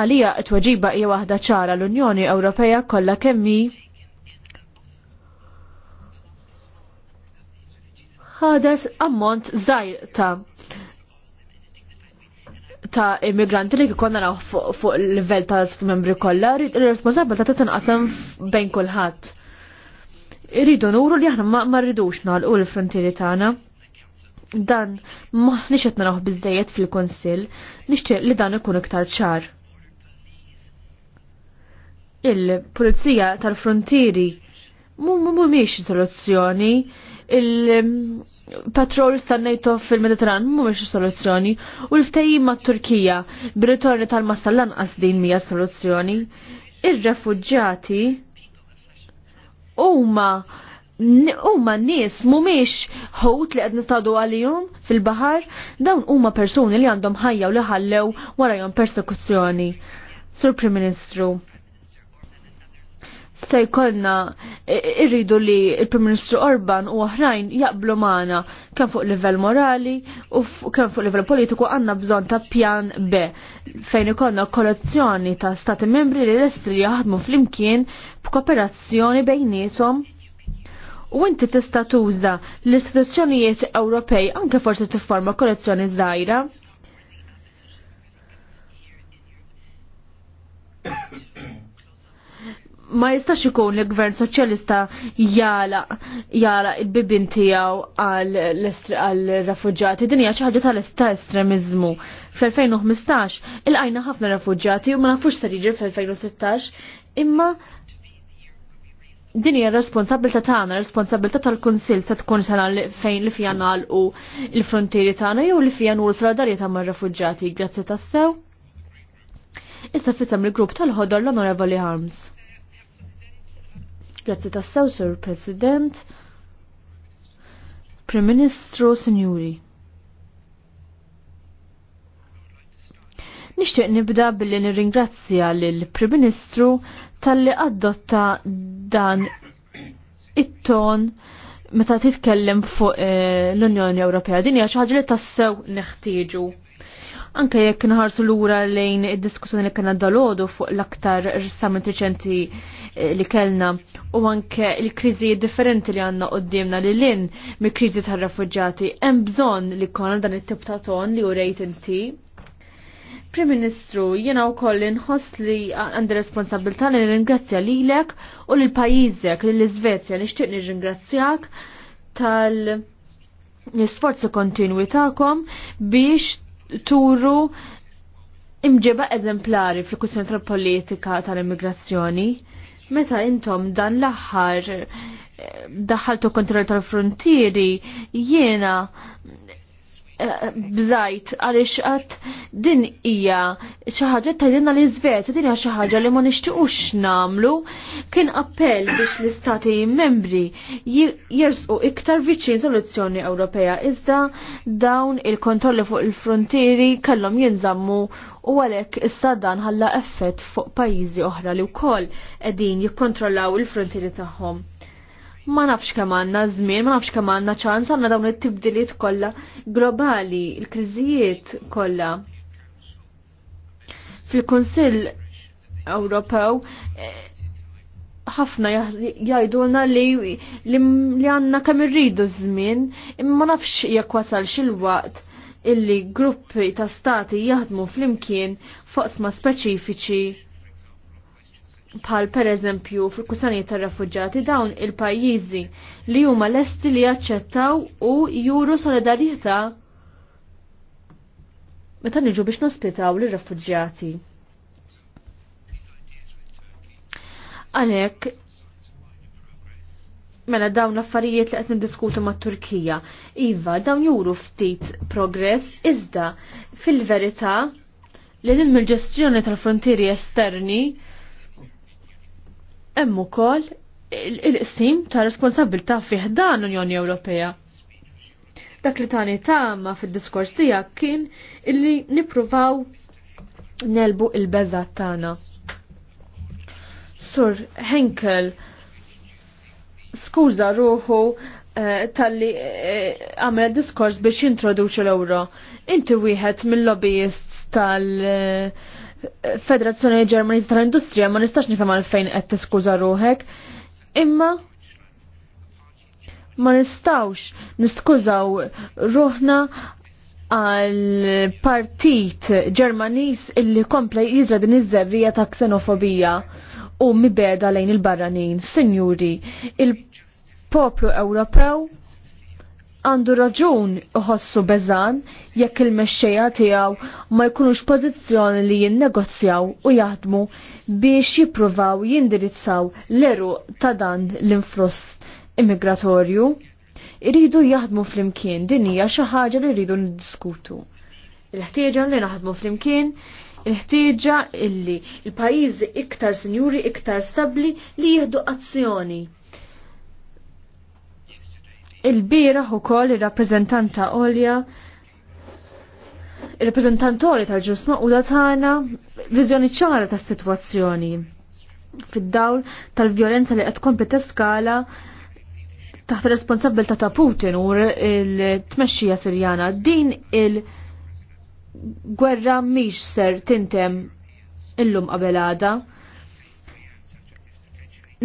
Għalija t-tweġiba hija waħda ċara l-Unjoni Ewropea kollha kemmi ħades ammont żgħir ta' ta' immigranti li kikonna naw fuq il-livell ta' membri kollha, ir-responsabilità ta' tinqasem bejn kulħadd. Irridu nuru li aħna ma rridux nagħlqu l-frontieri tagħna. Dan ma nixet qed naraw fil-Kunsill, nixtieq li dan ikun iktar ċar. Il-Pulizija tal-Frontieri mhumiex soluzzjoni, il-patrol stannajto fil-Mediterran mhumiex soluzzjoni u l ftajim ma' turkija bir-ritorni tal-massa lanqas din mija soluzzjoni. Ir-refuġġjati huma huma n-nies mhumiex ħut li qed nistadu għalihom fil-baħar, dawn huma persuni li għandhom ħajja u li ħallew persekuzzjoni. Sur Prim Ministru, se jkollna irridu li il-Prim Ministru Orban u oħrajn jaqblu magħna kemm fuq livell morali u kemm fuq livell politiku għandna bżonn ta' pjan B fejn ikollna kollezzjoni ta' stati membri li lesti li jaħdmu flimkien b'kooperazzjoni bejn nisom u inti tista' tuża l-istituzzjonijiet Ewropej anke forsi tifforma kollezzjoni żgħira. ma jistax ikun li gvern soċjalista jala jala il-bibin tiegħu għal refuġjati din hija xi ħaġa tal-esta estremizmu. Fl-2015 ilqajna ħafna refuġjati u ma nafux se jiġri fl-2016 imma din hija responsabilta tagħna, responsabilità tal-Kunsill se tkun sena fejn li fija nagħlqu l-frontieri tagħna jew li fija nuru solidarjetà mar-refuġġjati grazzi tassew. Issa fisem il-grupp tal-ħodor l-Onorevoli Harms. Grazzi tassew, Sur President, Prim Ministru, Sinjuri. Nixtieq nibda billi nirringrazzja lill prim Ministru talli adotta dan it-ton meta titkellem fuq eh, l-Unjoni Ewropea. Din hija xi ħaġa li tassew neħtieġu anke jekk nħarsu lura lejn id-diskussjoni li kena dalodu fuq l-aktar summit riċenti eh, li kellna u anke l-kriżi differenti li għanna qoddimna li l-in mi kriżi tar-refuġġati hemm bżonn li konna dan it-tip ta' ton li urejt inti Prim Ministru, jena u koll inħoss li għandi responsabilta li ringrazzja li l-ek u li l-pajizek, li l-Svezja, li xtiqni ringrazzjak tal sforzi kontinwi ta'kom biex turu imġeba eżemplari fil kwistjoni tal-politika tal-immigrazzjoni. Meta intom dan l-aħħar eh, daħaltu kontroll tal-frontieri, jiena Eh, bżajt għaliex qatt din hija xi ħaġa tajlilna li żvezja din hija xi ħaġa li ma nixtiequx nagħmlu kien appell biex l-istati membri jersqu iktar viċin soluzzjoni Ewropea iżda dawn il-kontrolli fuq il-frontieri kellhom jinżammu u għalhekk issa dan ħalla effett fuq pajjiżi oħra li wkoll qegħdin jikkontrollaw il-frontieri tagħhom ma nafx kemm għandna żmien, ma nafx kemm għandna ċans għandna dawn it-tibdiliet kollha globali, il-kriżijiet kollha. Fil-Kunsill Ewropew eh, ħafna jgħidulna li li għandna kemm irridu żmien, imma nafx jekk wasal xil-waqt illi gruppi ta' stati jaħdmu fl-imkien fuq sma speċifiċi bħal per eżempju fil-kusanijiet tar-refuġġati dawn il-pajjiżi li huma lesti li jaċċettaw u juru solidarjetà meta niġu biex nospitaw lir refuġġjati Għalhekk mela dawn l-affarijiet li qed niddiskutu mat-Turkija. Iva, dawn juru ftit progress iżda fil-verità li din mill ġestjoni tal-frontieri esterni hemm ukoll il-qsim ta' responsabilità fih dan unjoni Ewropea. Dak li tani tama fil-diskors tijak kien illi nipruvaw nelbu il-beżat tana. Sur Henkel, skuża ruħu eh, tal-li eh, għamel diskors biex introduċu l-euro. Inti wieħed mill-lobbyist tal- uh, Federazzjoni Ġermaniż tal-Industrija ma nistax nifhem għalfejn qed tiskuża ruħek, imma ma nistawx niskużaw ruħna għal partit Ġermaniż illi komplej jiġra din iż-żerrija ta' ksenofobija u mibeda lejn il-barranin. Sinjuri, il-poplu Ewropew għandu raġun uħossu beżan jekk il-mexxejja tiegħu ma jkunux pożizzjoni li jinnegozjaw u jaħdmu biex jippruvaw jindirizzaw l-eru ta' dan l-influss immigratorju. Iridu jaħdmu flimkien din hija xi ħaġa li rridu niddiskutu. Il-ħtieġa li naħdmu flimkien il-ħtieġa illi il-pajjiżi iktar sinjuri iktar stabbli li jieħdu azzjoni Il-biraħ ukoll ir-rappreżentanta Olja il Olja tal ġusma u tagħna viżjoni ċara tas-sitwazzjoni fid-dawl tal-vjolenza li qed tkun skala taħt responsabilità ta' Putin u il tmexxija Sirjana. Din il-gwerra mhix ser tintem illum qabel għada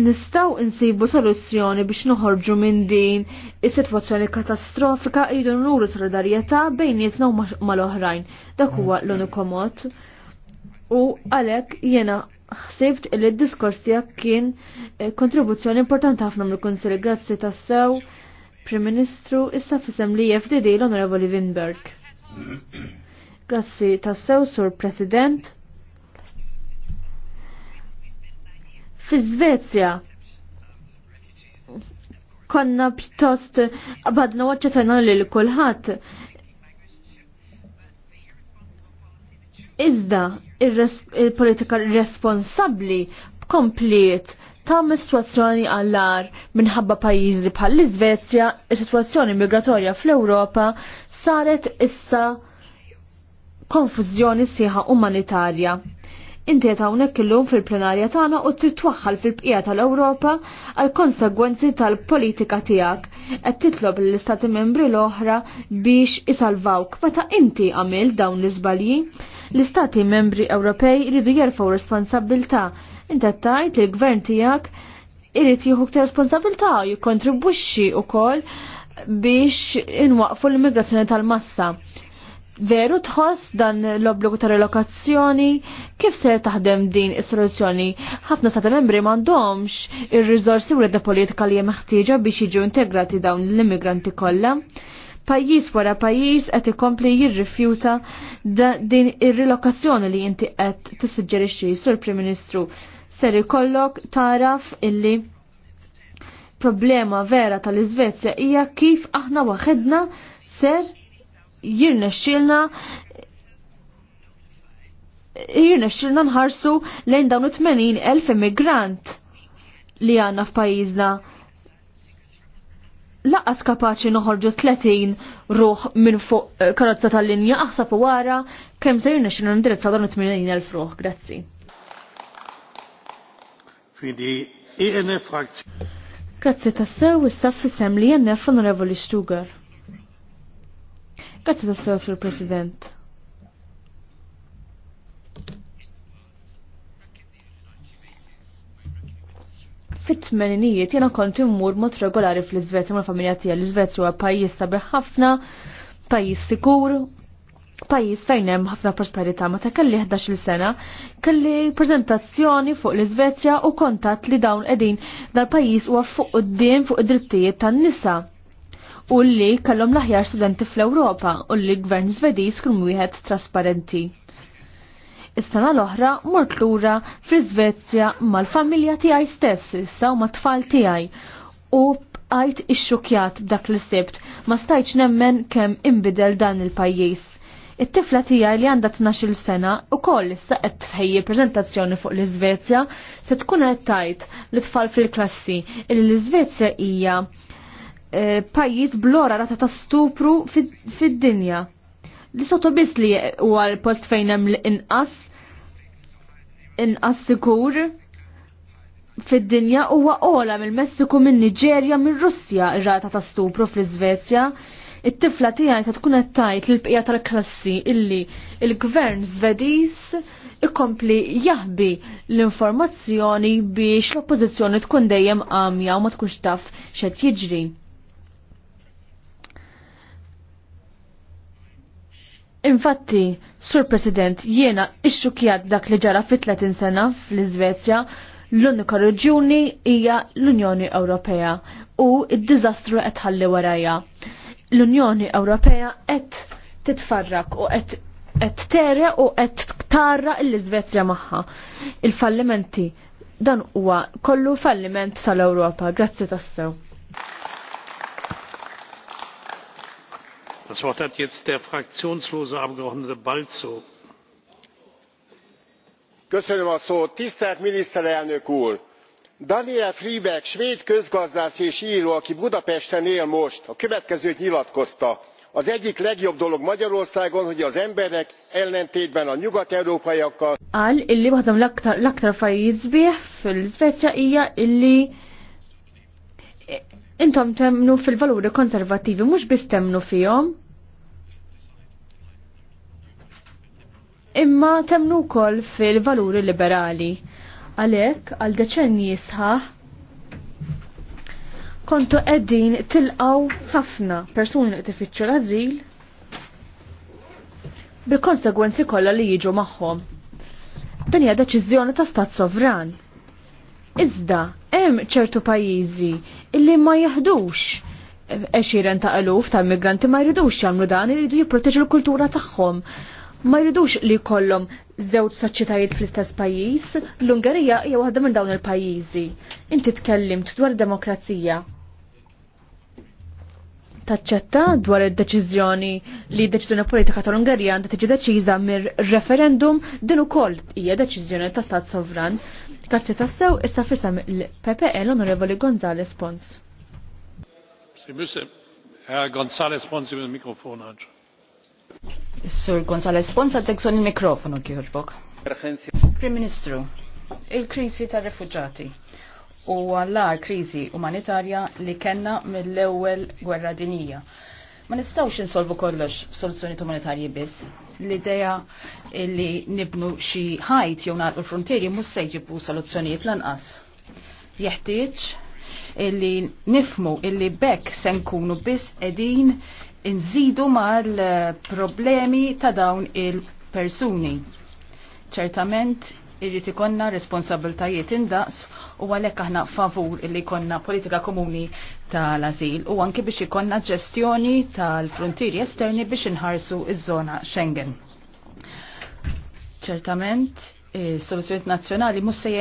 nistaw insibu soluzzjoni biex noħorġu minn din is-sitwazzjoni katastrofika jridu nuru solidarjetà bejn niesna mal-oħrajn. Dak huwa l-uniku mod. U għalhekk jiena ħsibt li d-diskors tiegħek kien eh, kontribuzzjoni importanti ħafna mill-Kunsill grazzi tas-sew, Prim Ministru issa fisem li FDD l-Onorevoli Winberg. Mm-hmm. Grazzi tassew sur President. Fi Svezja konna pjuttost badna waċċetajna li l-kulħadd. Iżda il-politika responsabli responsabbli komplet ta' situazzjoni għallar minħabba pajjiżi bħal l-Iżvezja, is-sitwazzjoni migratorja fl-Ewropa saret issa konfużjoni siħa umanitarja. Inti qed hawnhekk illum fil-plenarja tagħna u trid fil-bqija tal-Ewropa għal konsegwenzi tal-politika tiegħek qed titlob lill-istati membri l-oħra biex isalvawk meta inti għamil dawn l-iżbalji. L-istati membri Ewropej iridu jerfgħu responsabilità. Inti qed tgħid li l-gvern tiegħek irid jieħu ktar responsabilità jikkontribwixxi wkoll biex inwaqfu l-immigrazzjoni tal-massa veru tħoss dan l-obbligu ta' relokazzjoni kif se taħdem din is-soluzzjoni? Ħafna sa' membri m'għandhomx ir-riżorsi u l politika li hemm meħtieġa biex jiġu integrati dawn l-immigranti kollha. Pajjiż wara pajjiż qed ikompli jirrifjuta din ir-relokazzjoni li inti qed tissuġġerixxi sur Prim Ministru. Ser ikollok taraf illi problema vera tal-Iżvezja hija kif aħna waħedna ser jirna xilna jirna xilna nħarsu lejn dawn 80,000 immigrant li għanna f'pajizna. Laqas kapaċi noħorġu 30 ruħ minn fuq eh, karozza tal-linja aħsab u wara kemm se jirna xilna ndirizzaw dawn 80,000 ruħ. Grazzi. E Grazzi tassew, issa fissem li jennef onorevoli Stugar. Grazzi tassew, Sur President. fit-tmeninijiet jena kont immur mod regolari fl-Iżvezja ma' familja tiegħi. L-Iżvezja huwa pajjiż sabiħ ħafna, pajjiż sikur, pajjiż fejn hemm ħafna prosperità. Meta kelli 11-il sena, kelli preżentazzjoni fuq l-Iżvezja u kontatt li dawn qegħdin dal-pajjiż huwa fuq quddiem fuq id-drittijiet tan-nisa u li kellhom l-aħjar studenti fl-Ewropa u li gvern Svediż kien wieħed trasparenti. Is-sena l-oħra mort lura fl-Iżvezja mal-familja tiegħi stess issa u mat-tfal tiegħi u bqajt ix-xukjat b'dak li sibt ma stajtx nemmen kemm inbidel dan il-pajjiż. It-tifla tiegħi li għandha 12-il sena koll issa qed tħejji preżentazzjoni fuq l-Iżvezja se tkun qed tajt l tfal fil-klassi li l-Iżvezja hija Eh, pajjiż blora rata ta' stupru fid-dinja. Li sottobiss li huwa l-post fejn hemm inqas inqas sikur fid-dinja huwa ola mill-Messiku minn Niġerja minn Russja rata ta' stupru fl-Iżvezja. It-tifla tiegħi se tkun qed tajt lill-bqija tal-klassi illi il-Gvern Svediż ikompli jaħbi l-informazzjoni biex l-oppożizzjoni tkun dejjem għamja u ma tkunx taf xed jiġri. Infatti, Sur President, jiena ixxukjat dak li ġara fit-30 sena fl-Iżvezja l-unika reġjuni hija l-Unjoni Ewropea u d-diżastru qed ħalli warajja. L-Unjoni Ewropea qed titfarrak u qed qed tere u qed tarra l-Iżvezja magħha. Il-fallimenti dan huwa kollu falliment tal-Ewropa. Grazzi tassew. das wort tisztelt miniszterelnök úr! daniel friedbeck svéd közgazdász és ró aki budapesten él most a következőt nyilatkozta az egyik legjobb dolog magyarországon hogy az emberek ellentétben a nyugat európaiakkal. qal illi waħda l-aktar affarijiet sbieħ fil-Svezja hija illi intom temnu fil-valuri konservattivi mhux biss temnu fihom imma temnu kol fil-valuri liberali. Għalek, għal deċenni sħaħ, kontu eddin tilqaw ħafna persuni li tifittxu l-azil bil-konsegwenzi kollha li jiġu magħhom. Dan hija deċiżjoni ta' stat sovran. Iżda hemm ċertu pajjiżi illi ma jaħdux għexiren e, ta' eluf ta' migranti ma jridux jagħmlu dan iridu jipproteġu l-kultura tagħhom ma jridux li kollom żewġ soċċitajiet fl-istess pajjiż, l-Ungerija hija waħda minn dawn il-pajjiżi. Inti tkellimt dwar demokrazija. Taċċetta dwar id-deċiżjoni li d-deċiżjoni politika tal-Ungerija għandha tiġi deċiża mir-referendum din ukoll hija deċiżjoni ta' stat sovran. Grazzi tassew issa fisam il e l Onorevoli Gonzales Pons. Herr Gonzales Pons, il-mikrofon għanġu. Sur Gonzalez Ponsa, tekson il-mikrofonu kjurbok. Prim Ministru, il-krisi tar refugġati u għallar krisi umanitarja li kena mill-ewwel gwerra dinija. Ma nistawx insolvu kollox soluzzjoni umanitarji biss. L-idea li nibnu xi ħajt jew nagħlqu l-frontieri mhux se jġibu soluzzjonijiet lanqas. Jeħtieġ illi nifmu illi bekk se nkunu biss edin inżidu mal-problemi ta' dawn il-persuni. Ċertament irrit ikonna responsabiltajiet indaqs u għalhekk aħna favur li jkollna politika komuni tal-azil u anki biex ikonna ġestjoni tal-frontieri esterni biex inħarsu iż-żona Schengen. Ċertament, is-soluzzjonijiet nazzjonali mhux se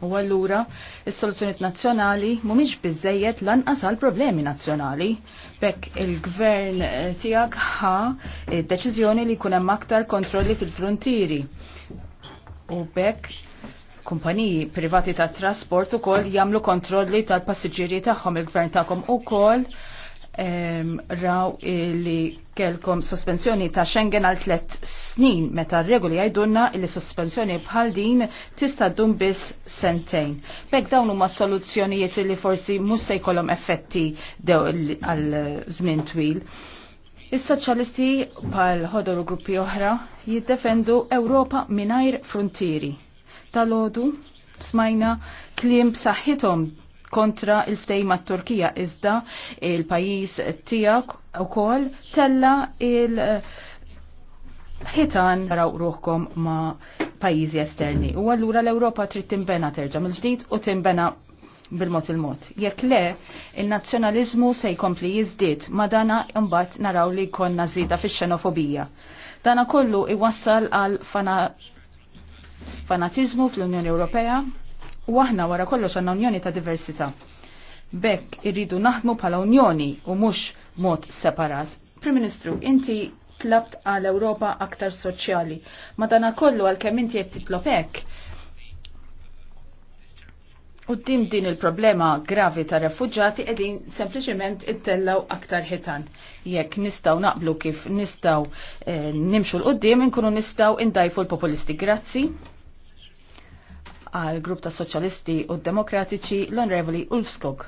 U allura is-soluzzjonijiet nazzjonali mhumiex biżejjed lanqas għal problemi nazzjonali. Bekk il-gvern eh, tiegħek ħa deċiżjoni li jkun hemm aktar kontrolli fil-frontieri. U bekk kumpaniji privati tat trasport ukoll jagħmlu kontrolli tal-passiġġieri tagħhom il-gvern tagħkom ukoll raw li kelkom sospensjoni ta' Schengen għal tlet snin meta regoli għajdunna li sospensjoni bħal din tista' dum biss sentejn. Bek dawn huma soluzzjonijiet li forsi mhux se jkollhom effetti għal żmien twil. Is-soċjalisti bħal ħodor u gruppi oħra jiddefendu Ewropa mingħajr frontieri. Tal-għodu smajna klim b'saħħithom kontra il-ftejma t-Turkija iżda il-pajis tijak u kol tella il- eh, ħitan raw ruħkom ma pajizi esterni. U għallura l-Europa trid timbena terġa' mill-ġdid u timbena bil-mod il-mod. Jekk le, il-nazzjonalizmu se jkompli jiżdied ma dana imbagħad naraw li jkollna żieda fix-xenofobija. Dana kollu iwassal għal fanatizmu fl-Unjoni Ewropea U aħna wara kollox għandna unjoni ta' diversità. Bekk irridu naħdmu bħala unjoni u mhux mod separat. Prim Ministru, inti tlabt għal Ewropa aktar soċjali. Madana kollu għal kem inti qed titlob hekk, U tim din il-problema gravi ta' refugġati edin sempliciment it-tellaw aktar ħitan. Jekk nistaw naqblu kif nistaw e, eh, nimxu l-qoddim, nkunu nistaw indajfu l-populisti. Grazzi għal grupp ta' Soċjalisti u Demokratiċi l-Onrevoli Ulfskog.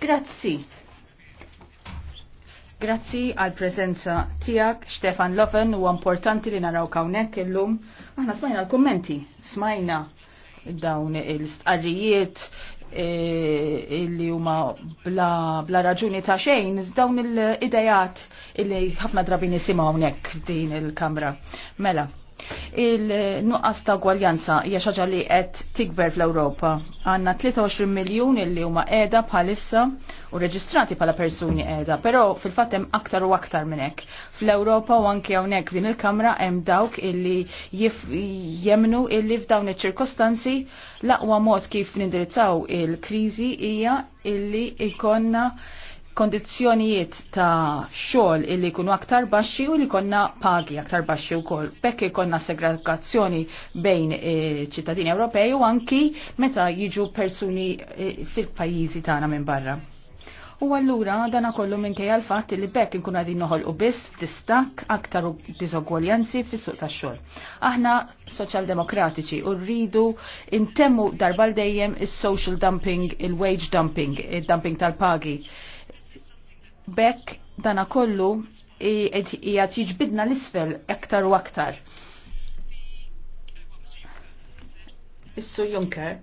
Grazzi. Grazzi għal prezenza tijak, Stefan Loven, u importanti li naraw kawnek illum. Aħna smajna l-kommenti, smajna dawn il-stqarrijiet, E, illi huma bla, bla raġuni ta' xejn, dawn il-idejat illi ħafna drabi nisimgħu hawnhekk f'din il-kamra. Mela, il-nuqqas ta' gwaljanza hija xi ħaġa li qed tikber fl-Ewropa. Għandna 23 miljun illi huma qiegħda bħalissa u reġistrati pala persuni edha, pero fil-fat hemm aktar u aktar minn hekk. Fl-Ewropa u anke hawnhekk din il-Kamra hemm dawk illi jemnu illi f'dawn iċ-ċirkostanzi l-aqwa mod kif nindirizzaw il-kriżi hija illi ikonna kondizzjonijiet ta' xogħol illi jkunu aktar baxxi u li konna pagi aktar baxxi wkoll. Bekk ikonna segregazzjoni bejn ċittadini Ewropej u anki meta jiġu persuni eh, fil-pajjiżi tagħna minn barra. U allura dana kollu minkejja l-fatt li bekk inkun għadin noħolqu biss distak aktar diżogwaljanzi fis-suq tax-xogħol. Aħna soċal-demokratiċi u rridu intemmu darbal dejjem is-social dumping, il-wage dumping, il-dumping tal-pagi. Bekk dana kollu jgħat jiġbidna l-isfel aktar u aktar. Issu Juncker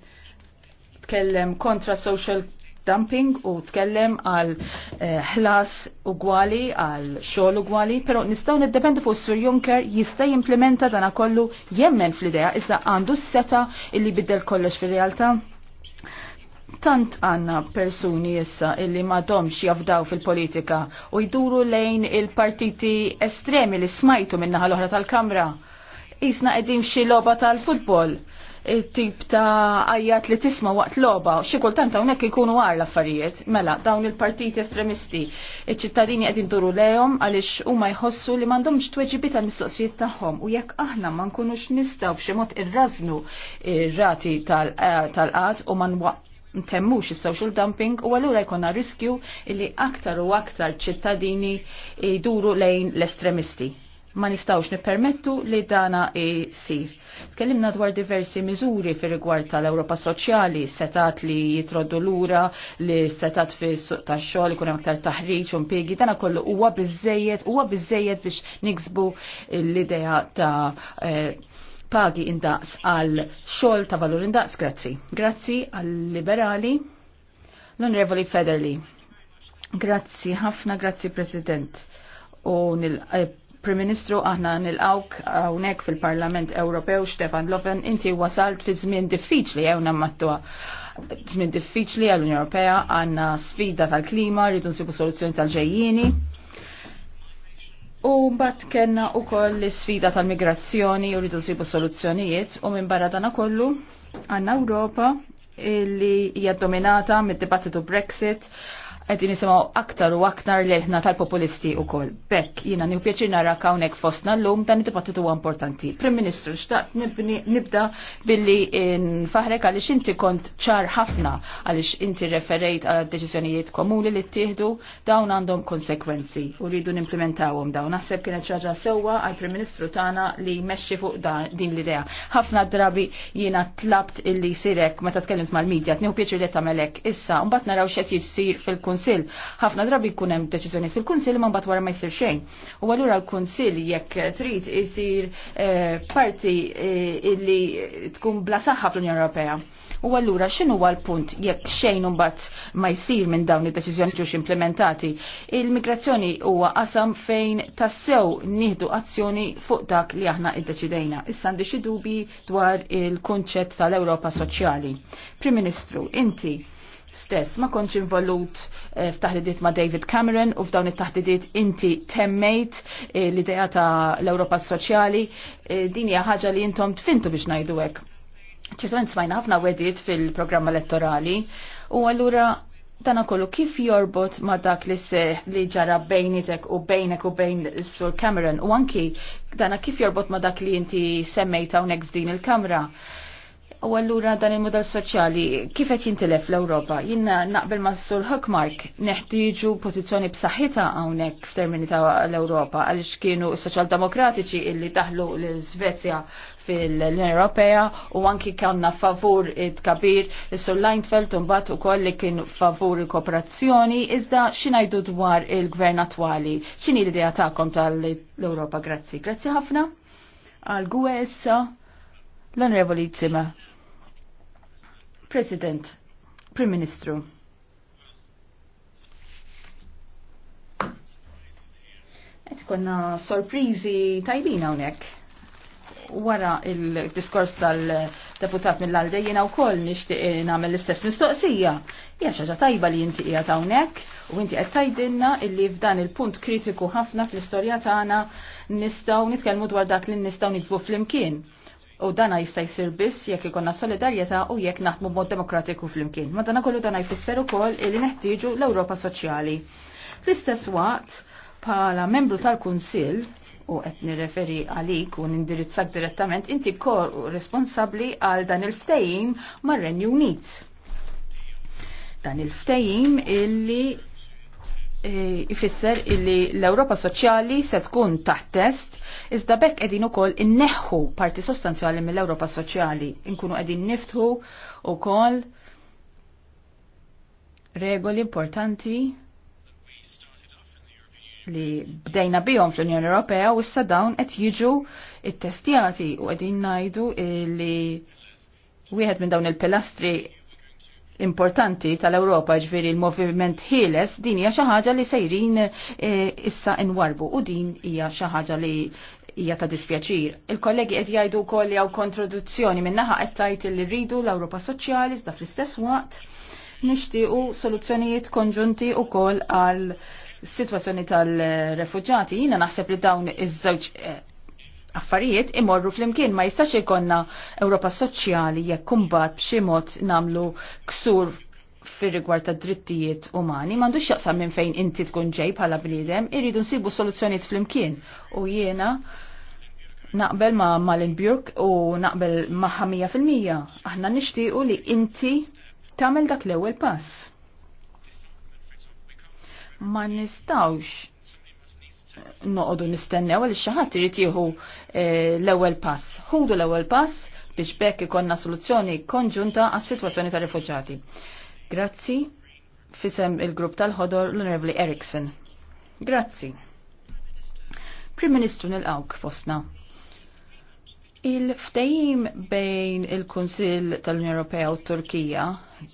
tkellem kontra social dumping u tkellem għal eh, ħlas ugwali, għal xogħol ugwali, però nistgħu niddependu fuq Sur Juncker jista' jimplementa dana kollu jemmen fl-idea iżda għandu s-seta illi biddel kollox fir-realtà. Tant għanna persuni issa illi madomx jafdaw fil-politika u jduru lejn il-partiti estremi li smajtu minna l oħra tal-Kamra. Isna qegħdin xi logħba tal-futbol tip ta' għajjat li tisma waqt loba, xi kultanta hawnhekk ikunu għar l-affarijiet, mela dawn il-partiti estremisti, iċ-ċittadini qed induru għalix għaliex huma jħossu li m'għandhomx tweġibi tal-mistoqsijiet tagħhom u jekk aħna ma nkunux nistgħu b'xi mod irrażnu rati tal eh, qat u ma ntemmux is-social dumping u allura jkollna riskju li aktar u aktar ċittadini jduru lejn l-estremisti ma nistawx nippermettu li dana sir. Tkellimna dwar diversi miżuri fir rigward tal-Ewropa Soċjali, setat li jitroddu lura, li setat fi suq tax-xogħol ikun hemm aktar taħriġ u impjiegi, dana kollu huwa biżejjed, huwa biżejjed biex niksbu l-idea ta' eh, pagi indaqs għal xogħol ta' valur indaqs, grazzi. Grazzi għal-liberali, l-Onorevoli Federli. Grazzi ħafna, grazzi President u eh, Prim Ministru, aħna nil-awk hawnhekk fil-Parlament Ewropew Stefan Lofen, inti wasalt fi żmien diffiċli hawn mattua. Żmien diffiċli għall-Unjoni Ewropea għandna sfida tal-klima, rridu nsibu soluzzjoni tal ġejjini U mbagħad kellna wkoll l-isfida tal-migrazzjoni u rridu nsibu soluzzjonijiet u minn barra dana kollu għandna Ewropa illi hija dominata mid-dibattitu Brexit għedin nisimaw aktar u aktar leħna tal-populisti u kol. Bekk, jina ni narra kawnek fostna l-lum dan id-dibattitu importanti. Prim Ministru, xtaqt nibda billi nfaħrek għalix inti kont ċar ħafna għalix inti referejt għal deċizjonijiet komuni li t-tihdu dawn għandhom konsekwenzi u rridu n-implementawum dawn. Naħseb kienet ċaġa sewa għal Prim Ministru tana li meċi fuq din l-idea. ħafna drabi jina tlabt illi sirek meta tkellimt mal-medja, t li tamelek issa, un-bat naraw xet jissir fil-kun fil Ħafna drabi jkun hemm deċiżjonijiet fil kunsil ma mbagħad wara ma jsir xejn. U allura l-Kunsill jekk trid isir eh, parti eh, illi tkun bla saħħa fl-Unjoni Ewropea. U allura x'inhu huwa l-punt jekk xejn imbagħad ma jsir minn dawn id-deċiżjoni ġewx implementati. Il-migrazzjoni huwa qasam fejn tassew nieħdu azzjoni fuq dak li aħna iddeċidejna. Issa għandi xi dubi dwar il-kunċett tal-Ewropa Soċjali. Prim Ministru, inti stess ma konċ involut eh, f'taħdidiet ma' David Cameron u f'dawn it-taħdidiet inti temmejt eh, l-idea ta' l-Ewropa Soċjali eh, din hija ħaġa li intom tfintu biex ngħidu hekk. Ċertament smajna ħafna wedit fil-programm elettorali u allura dan kollu kif jorbot ma dak li seħ li ġara bejnitek u bejnek u bejn Sur Cameron u anki dana kif jorbot ma dak li inti semmejta unek f'din il-kamra U għallura dan il-modell soċjali kif qed jintilef l-Ewropa? Jinna naqbel ma' Sur Hookmark neħtieġu pożizzjoni b'saħħitha hawnhekk f'termini ta' l-Ewropa għaliex kienu s-soċjaldemokratiċi illi daħlu l-Svezja fil-Unjoni Ewropea u anki kanna favur id-kabir is-Sur Leinfeld mbagħad ukoll li kien favur il-kooperazzjoni iżda ngħidu dwar il-gvern attwali. X'inhi l-idea tagħkom tal-Ewropa? Grazzi. Grazzi ħafna. Għal-Gwessa l-Onorevoli Zimmer. President, Prim Ministru. Et konna sorprizi tajbina unek. Wara il-diskors tal-deputat mill-Alde jena u koll nishti namel l-istess mistoqsija. Ja xaġa tajba li jinti ta' hawnhekk u inti qed tajdinna illi f'dan il-punt kritiku ħafna fl-istorja tagħna nistgħu nitkellmu dwar dak li nistgħu nitbu flimkien. U dana jista' jsir biss jekk ikonna solidarjetà u jekk naħdmu mod demokratiku flimkien. Ma dana kollu dana jfisser ukoll illi neħtieġu l-Ewropa Soċjali. Fl-istess waqt, bħala membru tal-Kunsill, u qed nirreferi għalik u nindirizzak direttament, inti kor responsabbli għal dan il-ftehim mar-Renju Unit. Dan il-ftehim illi ifisser illi l-Europa Soċjali se tkun taħt test, iżda bekk qegħdin ukoll inneħħu parti sostanzjali mill-Europa Soċjali, inkunu qegħdin niftħu ukoll regoli importanti li bdejna bihom fl-Unjoni Ewropea u issa dawn qed jiġu it-testjati u qegħdin ngħidu li wieħed minn dawn il-pilastri importanti tal-Ewropa ġviri il-moviment ħieles din hija xi ħaġa li sejrin eh, issa inwarbu u din hija xi ħaġa li hija ta' dispjaċir. Il-kollegi qed jgħidu wkoll li hawn kontradizzjoni minnaħa qed tajt li rridu l-Ewropa Soċjali iżda fl-istess waqt nixtiequ soluzzjonijiet konġunti wkoll għal situazzjoni tal-refuġati. Jiena naħseb li dawn iż-żewġ eh, affarijiet imorru flimkien ma jistax ikonna Ewropa soċjali jekk kumbat b'xi mod namlu ksur fir-rigward ta' drittijiet umani m'għandux xaqsam minn fejn inti tkun ġej bħala bniedem, irridu nsibu soluzzjonijiet flimkien. U jiena naqbel ma' Malin Björk u naqbel ma' 100%. Aħna nixtiequ li inti tagħmel dak l-ewwel pass. Ma nistawx noqodu nistennew għal xaħat irid jieħu eh, l-ewwel pass. Ħudu l-ewwel pass biex bekk ikonna soluzzjoni konġunta għas sitwazzjoni ta' rifugġati. Grazzi fisem il-grupp tal-ħodor l-Onorevoli Eriksson. Grazzi. Prim Ministru nil-għawk fosna. Il-ftejim bejn il konsil tal-Unjoni Ewropea u Turkija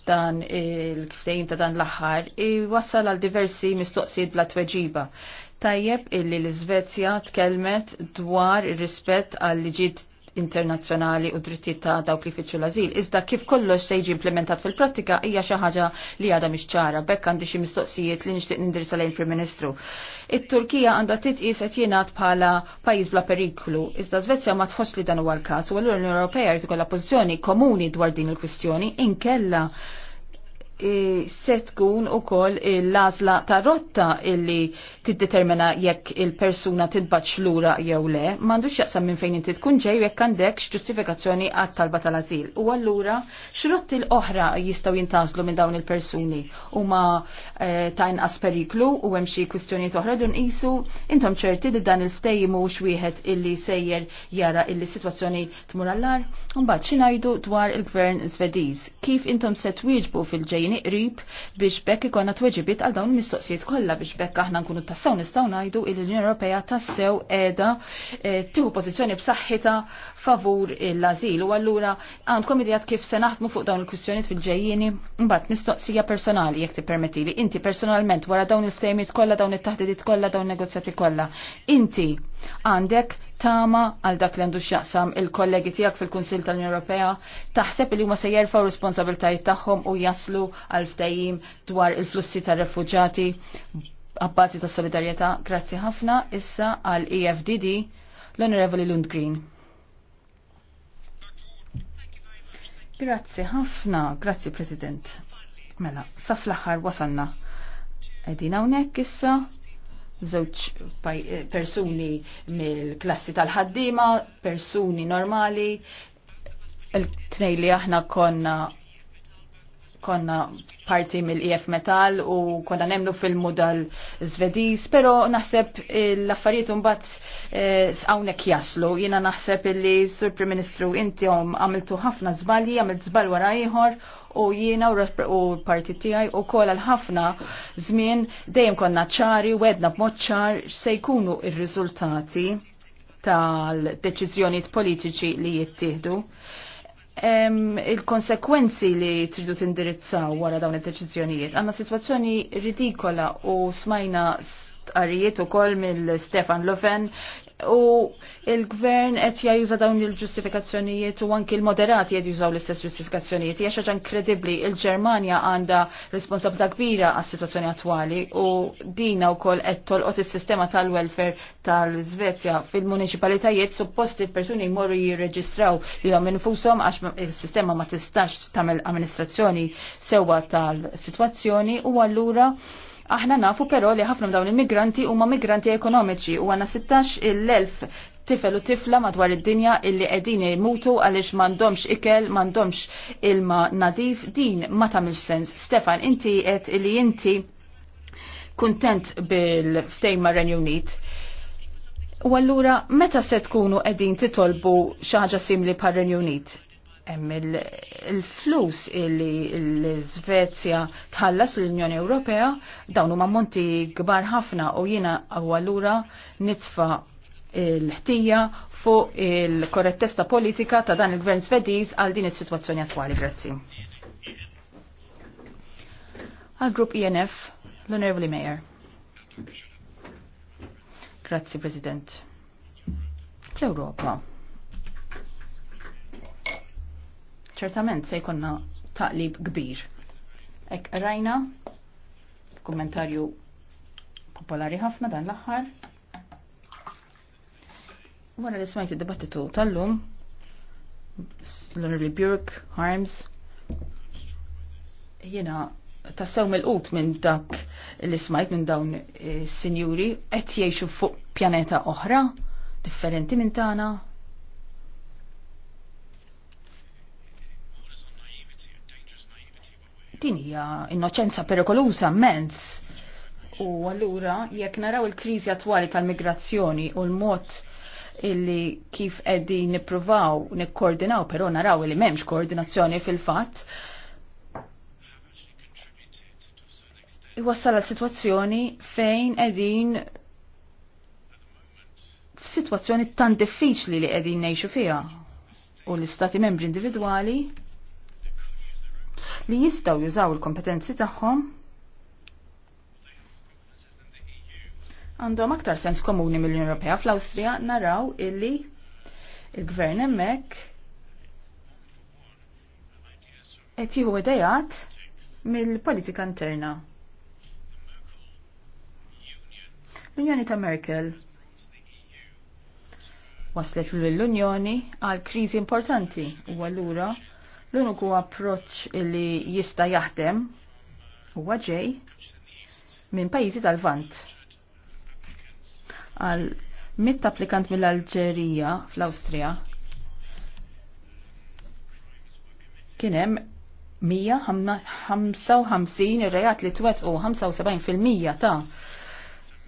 dan il-ftejim ta' dan l-aħħar iwassal għal diversi mistoqsijiet bla tweġiba. Tajjeb illi l-Svezja tkellmet dwar rispett għal liġijiet internazzjonali u drittijiet ta' dawk li fitxu l-azil. Iżda kif kollox se jiġi implementat fil-prattika hija xi ħaġa li għadha mhix ċara. Bekk għandi xi mistoqsijiet li nixtieq nindirsa lejn Prim Ministru. It-Turkija għandha titqies qed jingħad bħala pajjiż bla periklu. Iżda Svezja ma tħoss li dan huwa l-każ u l l-Ewropea jrid ikollha pożizzjoni komuni dwar din il-kwistjoni inkella E, se tkun ukoll l lazla ta' rotta illi tiddetermina jekk il-persuna tidbaċ lura jew le, m'għandux jaqsam minn fejn inti tkun ġej jekk għandekx ġustifikazzjoni għat talba tal-azil. U allura x'rotti l-oħra jistgħu jintażlu minn dawn il-persuni U ma e, ta' inqas periklu u hemm xi kwistjonijiet oħra dun qisu intom ċerti li dan il-ftej mhux wieħed illi sejjer jara illi sitwazzjoni tmur allar. Mbagħad xi dwar il-Gvern Svediż. Kif intom se twieġbu fil-ġejjin ġini qrib biex bekk ikonna tweġibiet għal dawn mistoqsijiet kollha biex bekk aħna nkunu t-tassaw nistgħu ngħidu il l-Unjoni Ewropea tassew qiegħda eh, tieħu pożizzjoni b'saħħitha favur l-ażil u allura għandkom idejat kif se naħdmu fuq dawn il-kwistjonijiet fil-ġejjini mbagħad mistoqsija personali jekk tippermettili. Inti personalment wara dawn il-ftehimiet kollha dawn it-taħdidiet kollha dawn negozjati kollha. Inti għandek tama għal dak li għandu x'jaqsam il-kollegi tiegħek fil konsil tal-Unjoni Ewropea taħseb li huma se jerfgħu responsabiltajiet tagħhom u jaslu għal ftehim dwar il-flussi tar-refuġati għabbażi ta' solidarjetà. Grazzi ħafna issa għal EFDD l-Onorevoli Lund Green. Grazzi ħafna, grazzi President. Mela, sa fl-aħħar wasalna. Edina hawnhekk issa żewġ eh, persuni mill-klassi tal-ħaddima, persuni normali, il tnejli li aħna konna konna parti mill-EF Metal u konna nemlu fil-modal Zvediż, pero naħseb l-affarijiet mbagħad eh, hawnhekk jaslu. Jiena naħseb illi Sur Prim Ministru intihom għamiltu ħafna żbalji, għamilt żbal wara ieħor u jiena u parti tiegħi u kolla l-ħafna żmien dejjem konna ċari u għedna b'mod ċar se jkunu r-riżultati tal-deċiżjonijiet politiċi li jittieħdu il-konsekwenzi li tridu tindirizzaw wara dawn id-deċiżjonijiet. Għandna sitwazzjoni ridikola u smajna stqarijiet ukoll mill-Stefan Lofen u il-gvern qed jajuża dawn il-ġustifikazzjonijiet u anki l-moderati qed jużaw l-istess ġustifikazzjonijiet. Hija xi inkredibbli, il-Ġermanja għandha responsabilità kbira għas-sitwazzjoni attwali u dina wkoll qed tolqot is-sistema tal-welfare tal-Svezja fil-municipalitajiet supposti persuni jmorru jirreġistraw lilhom infushom għax il-sistema ma tistax tagħmel amministrazzjoni sewwa tal-sitwazzjoni u allura Aħna nafu però li ħafna dawn il-migranti huma migranti ekonomiċi u għanna 16 il-elf tifel u tifla madwar id-dinja illi qegħdin jmutu għaliex m'għandhomx ikel, m'għandhomx ilma nadif, din ma tagħmilx sens. Stefan, inti qed li inti kuntent bil-ftejn ma' Renju Unit. U allura meta se tkunu qegħdin titolbu xi ħaġa simli par Renju Unit? hemm il-flus li l-Svezja tħallas l-Unjoni Ewropea dawn huma monti kbar ħafna u jiena allura nitfa l-ħtija fuq il-korrettesta politika ta' dan il-Gvern Svediż għal din is-sitwazzjoni attwali. Grazzi. Għal grupp INF, e l-Onorevoli Mayor. Grazzi, President. Fl-Europa ċertament se jkonna taqlib kbir. Ek rajna, kommentarju popolari ħafna dan l-aħħar. Wara li smajt id-dibattitu tal-lum, l-Honorable Burke, Harms, jena tassew mill-qut minn dak li smajt minn dawn sinjuri qed jgħixu fuq pjaneta oħra, differenti minn tagħna, hija innoċenza perikoluża mens. U allura jekk naraw il-kriżi attwali tal-migrazzjoni u l-mod illi kif eddi nippruvaw nikkoordinaw, pero naraw illi memx koordinazzjoni fil-fat. Iwassal situazzjoni fejn edin situazzjoni tan diffiċli li edin nejxu fija u l-istati membri individuali li jistaw jużaw il-kompetenzi tagħhom għandhom aktar sens komuni mill-Unjoni Ewropea fl-Awstrija naraw illi il-gvern hemmhekk qed jieħu idejat mill-politika interna. L-Unjoni ta' Merkel waslet l-Unjoni għal kriżi importanti u allura L-uniku approċ li jista jaħdem huwa ġej minn pajjiżi tal-Vant. Għal mit applikant mill-Alġerija fl-Awstrija kien hemm 155 ir-rejat li twettqu 75% ta'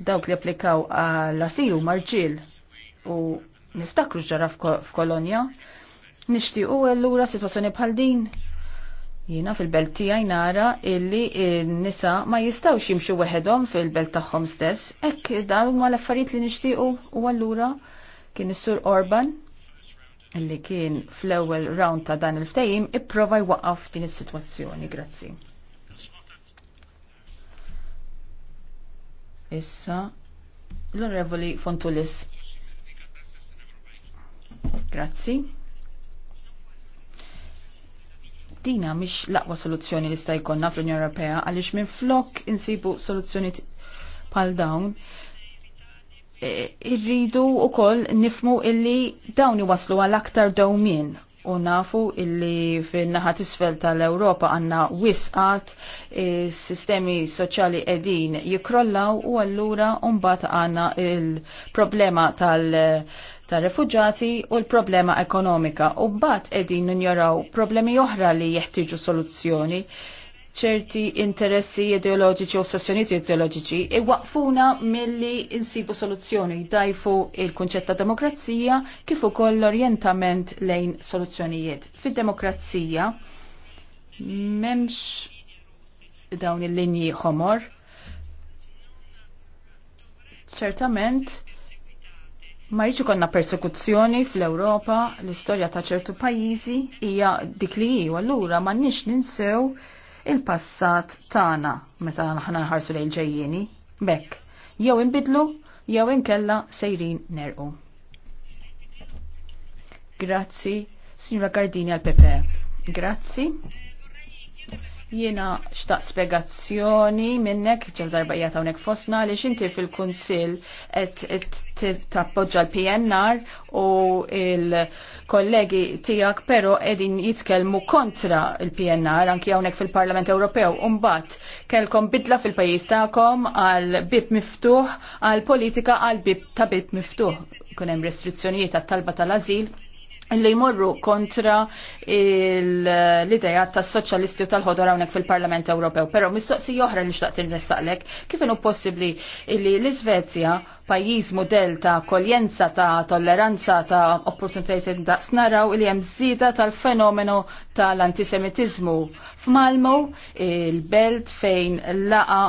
dawk li applikaw għal asilu marġil u niftakru ġara f'kolonja Nixtiequ allura sitwazzjoni bħal din Jina fil-belt tijaj nara illi nisa ma jistawx jimxu weħedhom fil-belt tagħhom stess. Ekk dawn ma l-affarijiet li nixtiequ u allura kien is-Sur Orban illi kien fl-ewwel round ta' dan il-ftehim ipprova jwaqaf din is-sitwazzjoni. Grazzi. Issa l-Onorevoli Fontulis. Grazzi dina mish l-aqwa soluzzjoni li sta jkollna fl-Unjoni Ewropea għaliex minn flok insibu soluzzjoni bħal dawn e, irridu wkoll nifmu illi dawn waslu għal aktar dawmin u nafu illi fin-naħat isfel tal-Ewropa għandna wisqat e, sistemi soċjali qegħdin jikrollaw u allura mbagħad għandna il-problema tal- ta' refugjati u l-problema ekonomika u bat edin njoraw problemi oħra li jeħtiġu soluzzjoni ċerti interessi ideoloġiċi u sessjoniet ideoloġiċi iwaqfuna milli insibu soluzzjoni dajfu il-kunċett ta' demokrazija kif ukoll l-orjentament lejn soluzzjonijiet. Fid-demokrazija memx dawn il-linji ħomor. Ċertament Ma rridx konna persekuzzjoni fl-Ewropa, l-istorja ta' ċertu pajjiżi hija dik li hi, allura nix ninsew il-passat tagħna meta aħna nħarsu lejn ġejjini Bekk, jew inbidlu, jew inkella sejrin nerqu. Grazzi, Signora Gardini għal Pepe. Grazzi. Jiena xtaq spiegazzjoni minnek ġel darba jgħata hawnhekk fosna li xinti fil-kunsill qed tappoġġa l-PNR u il-kollegi tiegħek pero qegħdin jitkellmu kontra l-PNR anki hawnhekk fil-Parlament Ewropew u mbagħad kellkom bidla fil-pajjiż tagħkom għal bib miftuħ għal politika għal bib ta' bib miftuħ kun hemm restrizzjonijiet għat-talba tal-ażil li jmorru kontra l-ideja tas soċjalisti u tal-ħodor hawnhekk fil-Parlament Ewropew. Però mistoqsija oħra li xtaqt nressaqlek, kif inu possibbli li l-Iżvezja pajjiż model ta' koljenza ta' tolleranza ta' opportunitajiet daqs naraw li hemm żida tal-fenomenu tal-antisemitiżmu. F'Malmo il-belt fejn laqa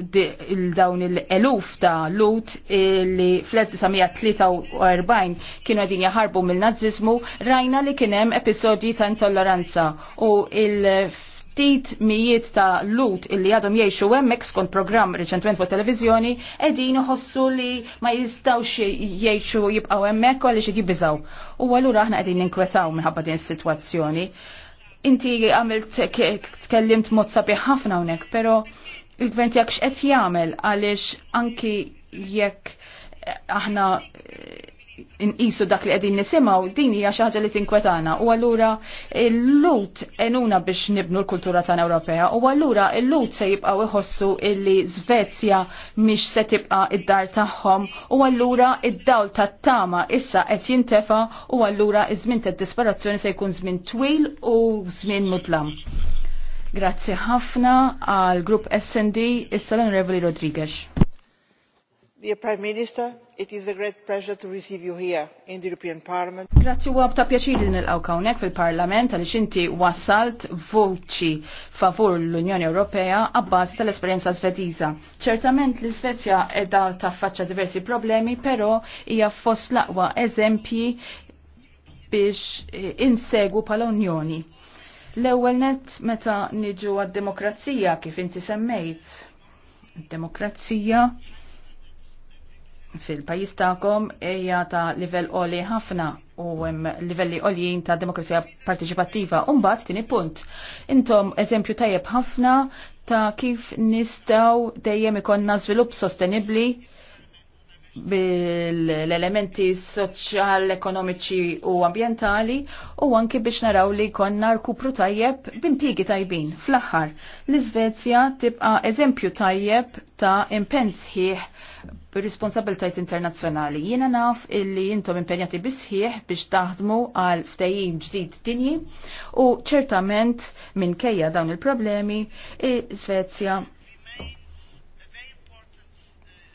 il-dawn il-eluf ta' lut li fl-1943 kienu għedin jaħarbu mill-nazizmu rajna li kienem episodji ta' intolleranza u il- ftit mijiet ta' lut illi għadhom jiexu hemmhekk skont programm reċentment fuq televizjoni qegħdin iħossu li ma jistgħux jgħixu jibqgħu hemmhekk għaliex qed jibbiżaw. U allura aħna qegħdin ninkwetaw minħabba din is-sitwazzjoni. Inti għamilt tkellimt mod sabiħ ħafna hawnhekk, però il-gvern tiegħek x'qed jagħmel għaliex anki jekk aħna inqisu dak li qegħdin nisimgħu din hija xi ħaġa li tinkwetana u allura l-lut enuna biex nibnu l-kultura tagħna Ewropea u allura l-lut se jibqgħu iħossu illi Svezja mhix se tibqa' id-dar tagħhom u allura id-dawl tat-tama issa qed jintefa' u allura iż-żmien tad-disperazzjoni se jkun żmien twil u żmien mudlam. Grazzi ħafna għal grupp SD issa l Rodriguez. Dear Prime Minister, it is a great pleasure to receive you here in the European Parliament. Grazzi u ta' pjaċiri din il kawnek fil-Parlament għal inti wasalt voċi favur l-Unjoni Ewropea għabbaż tal-esperjenza svediza. Ċertament l-Svezja edha taffaċċa diversi problemi, però hija fost l-aqwa eżempji biex insegu pal-Unjoni L-ewwel net meta niġu għad-demokrazija kif inti semmejt. Demokrazija fil-pajis ta'kom hija ta' livell qoli ħafna u hemm livelli għoljin ta' demokrazija partiċipattiva. Umbagħad tieni punt. Intom eżempju tajjeb ħafna ta' kif nistgħu dejjem ikonna żvilupp sostenibbli bil-elementi soċjal, ekonomiċi u ambientali u anki biex naraw li konna rkupru tajjeb b'impjigi tajbin. Fl-aħħar, l-Iżvezja tibqa eżempju tajjeb ta' impensħiħ b'responsabiltajt internazzjonali. Jiena naf illi jintom impenjati bisħiħ biex taħdmu għal ftejjim ġdid dinji u ċertament minn kejja dawn il-problemi, Svezja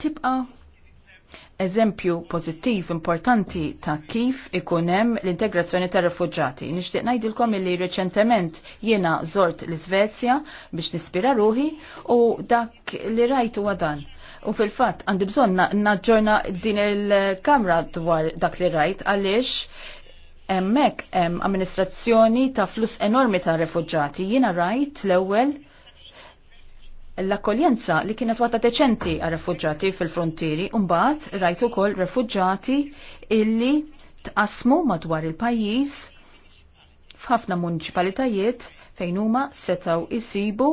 tibqa' eżempju pozittiv importanti ta' kif ikunem l-integrazzjoni ta' refugġati. Nixtieq ngħidilkom li reċentement jiena zort l-Iżvezja biex nispira ruħi u dak li rajt huwa dan. U fil-fatt għandi bżonn naġġorna din il-kamra dwar dak li rajt għaliex hemmhekk hemm amministrazzjoni ta' flus enormi ta' refugġati. Jiena rajt l-ewwel l-akkoljenza li kienet wata deċenti għal refugġati fil-frontieri, umbat rajt ukoll refugġati illi tqasmu madwar il-pajjiż f'ħafna munċipalitajiet fejn huma setgħu isibu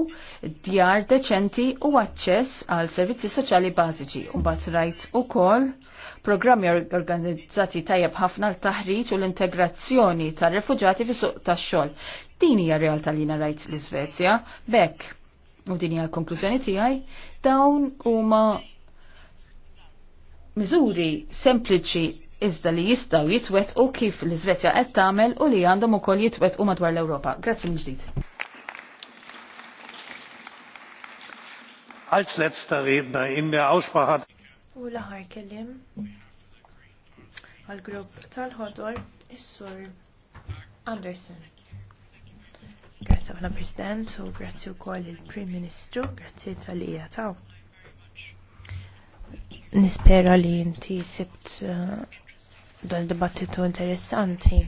djar deċenti u aċċess għal servizzi soċjali bażiċi. Mbagħad rajt ukoll programmi organizzati tajjeb ħafna l-taħriġ u l-integrazzjoni tar-refuġati fis-suq tax-xogħol. Din hija realtà li rajt l-Iżvezja, bekk u din hija l-konklużjoni tiegħi, dawn huma miżuri sempliċi iżda li jistgħu jitwettqu kif l-Iżvezja qed tagħmel u li għandhom ukoll jitwettqu madwar l-Ewropa. Grazzi mill-ġdid. Als letzter Redner in der Aussprache U l-aħħar kelliem għall-grupp tal-ħodor is-sur Andersen ħafna President u grazzi wkoll il-Prim Ministru, grazzi tal-ija taw. Nispera li inti sibt uh, eh, dan dibattitu interessanti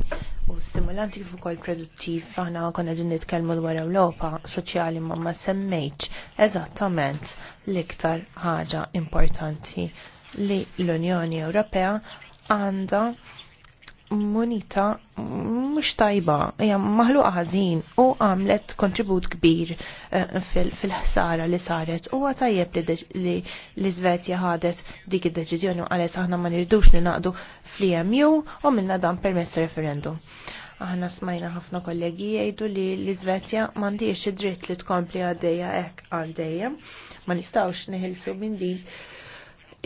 u stimulanti kif ukoll produttiv aħna konna din nitkellmu dwar Ewropa soċjali ma ma semmejtx eżattament l-iktar ħaġa importanti li l-Unjoni Ewropea għandha monita mhux tajba, hija maħluqa ħażin u għamlet kontribut kbir eh, fil-ħsara li saret u tajjeb li l-Iżvezja ħadet dik id-deċiżjoni u qalet aħna ma nirdux ninaqdu fl-EMU u minna dan permess referendum. Aħna smajna ħafna kollegi jgħidu li l-Iżvezja m'għandix id-dritt li tkompli għaddejja hekk għaddeja. Ma nistawx neħilsu minn din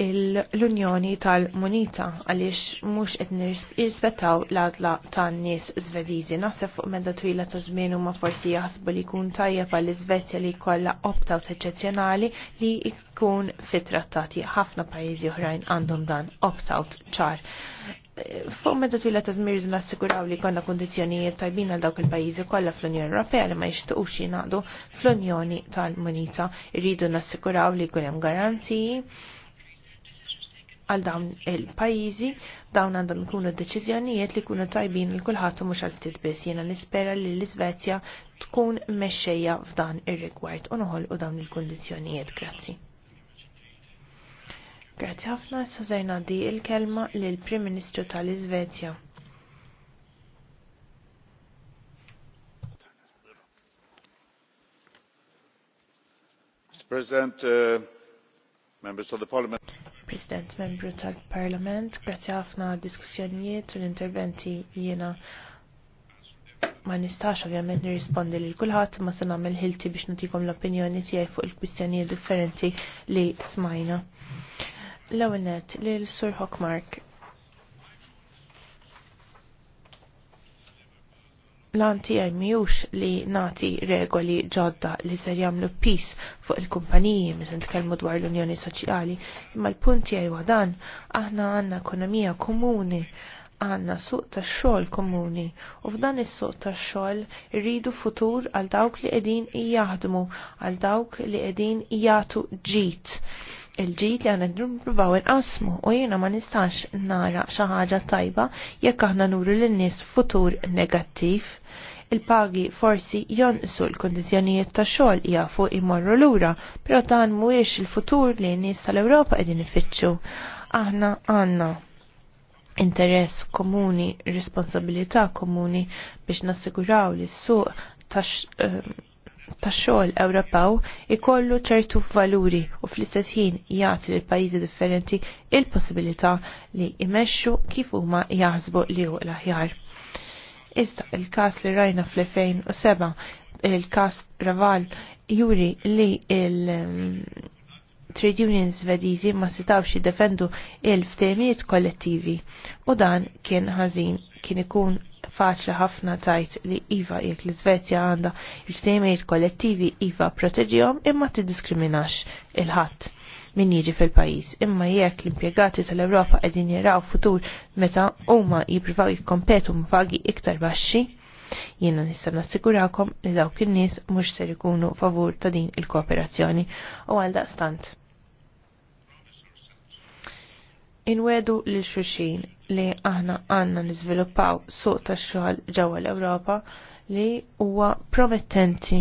l-Unjoni tal-Munita għaliex mhux qed nirrispettaw l-għadla tan-nies Svediżi. Naħseb fuq medda twila ta' żmien huma forsi jaħsbu li jkun tajjeb għall iżvezja li jkollha opt-out eċċezzjonali li jkun fit-trattati ħafna pajjiżi oħrajn għandhom dan opt-out ċar. Fuq medda twila ta' żmien rridu nassiguraw li jkollna kundizzjonijiet tajbin għal dawk il-pajjiżi kollha fl-Unjoni Ewropea li ma jixtiequx jingħaqdu fl-Unjoni tal-Munita. Irridu nassiguraw li jkun hemm garanziji għal dawn il-pajizi, dawn għandhom ikunu deċiżjonijiet li kunu tajbin l kulħadd mhux għal biss. jiena nispera li l-Iżvezja tkun mexxejja f'dan ir-rigward u noħolqu dawn il-kundizzjonijiet. Grazzi. Grazzi ħafna sa di il-kelma lil prim Ministru tal-Iżvezja. President, uh, members of the Parliament. President membru tal-Parlament, grazzi ħafna diskussjonijiet u l-interventi jiena ma nistax ovvjament nirrispondi lil kulħadd ma se nagħmel ħilti biex nagħtikom l-opinjoni tiegħi fuq il-kwistjonijiet differenti li smajna. L-ewwel li lil Sur Hockmark l-anti mhux li nati regoli ġodda li ser jagħmlu pis fuq il-kumpaniji meta nitkellmu dwar l-Unjoni Soċjali, imma l-punt huwa dan aħna għandna ekonomija komuni għanna suq ta' xol komuni u f'dan is-suq ta' xol rridu futur għal dawk li qegħdin jaħdmu, għal dawk li qegħdin jagħtu ġit il-ġid li għana il inqasmu u jiena ma nistax nara xi ħaġa tajba jekk aħna nuru lin-nies futur negattiv. Il-pagi forsi jonqsu l kondizjonijiet ta' xogħol jafu imorru lura, però dan mhuwiex il-futur li n-nies tal-Ewropa qegħdin ifittxu. Aħna għandna interess komuni, responsabilità komuni biex nassiguraw li s-suq tax ehm, tax-xogħol Ewropew ikollu ċertu valuri u fl-istess ħin jagħti lil pajjiżi differenti il-possibilità li jmexxu kif huma jaħsbu li hu l-aħjar. Iżda il-każ li rajna fl-2007 il-każ Raval juri li il- mm, trade union svedizi ma sitawx jiddefendu il ftehmijiet kollettivi u dan kien ħażin kien ikun faċli ħafna tajt li iva jekk l iżvezja għandha il-ftehimijiet kollettivi iva proteġihom imma t-diskriminax il ħatt min jiġi fil-pajis. Imma jekk l-impjegati tal-Ewropa qegħdin jiraw futur meta huma jippruvaw jikkompetu m'pagi iktar baxxi, jiena nista' nassigurakom li dawk in-nies mhux ser ikunu favur ta' din il-kooperazzjoni u għal daqstant. Inwedu lil xulxin li aħna għanna nizviluppaw suq ta' xogħol ġewwa l-Ewropa li huwa promettenti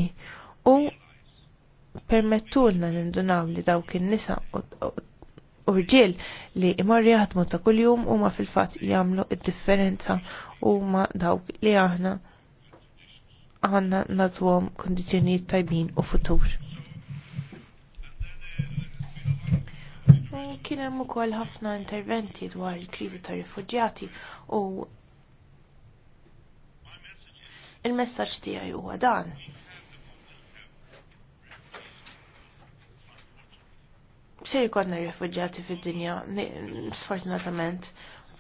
u permettulna nindunaw li dawk in-nisa u rġiel li imorri jaħdmu ta' kuljum huma fil-fatt jagħmlu id-differenza huma dawk li aħna għanna nadwom kondizjonijiet tajbin u futur. Kien hemm ukoll ħafna interventi dwar il-kriżi tar rifuġjati u il-messaġġ tiegħi huwa dan. Ser ikollna rifuġjati fid-dinja, sfortunatament,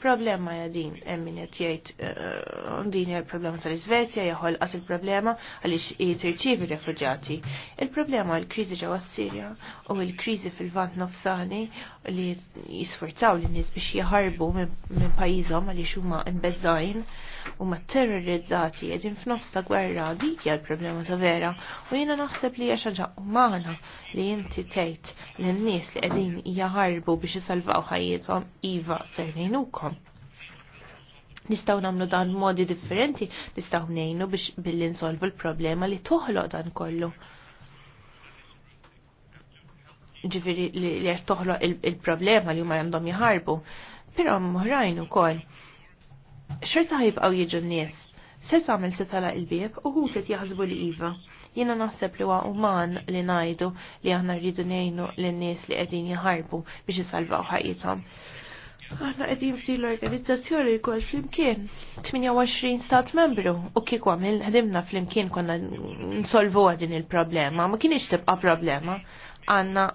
Il-problema ja din, emmin jett jajt, eh, din ja il-problema tal-Izvezja, jaħol qas il-problema għalix jitirċivi refugjati. Il-problema għal krizi ġewwa Sirja u l-krizi fil-vant nofsani li jisforzaw li nies biex jaħarbu minn pajizom għalix huma imbezzajn u ma terrorizzati edin f'nofs ta' gwerra dik hija l-problema ta' vera u jiena naħseb li hija xi umana li inti tgħid lin-nies li qegħdin jaħarbu biex isalvaw ħajjithom iva servinukom. nistaw namlu dan modi differenti, nistaw nejnu biex billi nsolvu l-problema li toħloq dan kollu. Ġifiri li għed toħloq il-problema li huma għandhom jħarbu, pero mħrajnu kol, xorta ħajbqaw jiġu n-nies. Se tagħmel se il-bieb u hu tit li iva. Jiena naħseb li huwa uman li ngħidu li aħna rridu ngħinu lin-nies li qegħdin jħarbu biex jisalvaw ħajjithom. Aħna qegħdin f'di l-organizzazzjoni wkoll flimkien 28 stat membru u kieku għamil ħdimna flimkien konna nsolvu din il-problema, ma kienx tibqa' problema. Għandna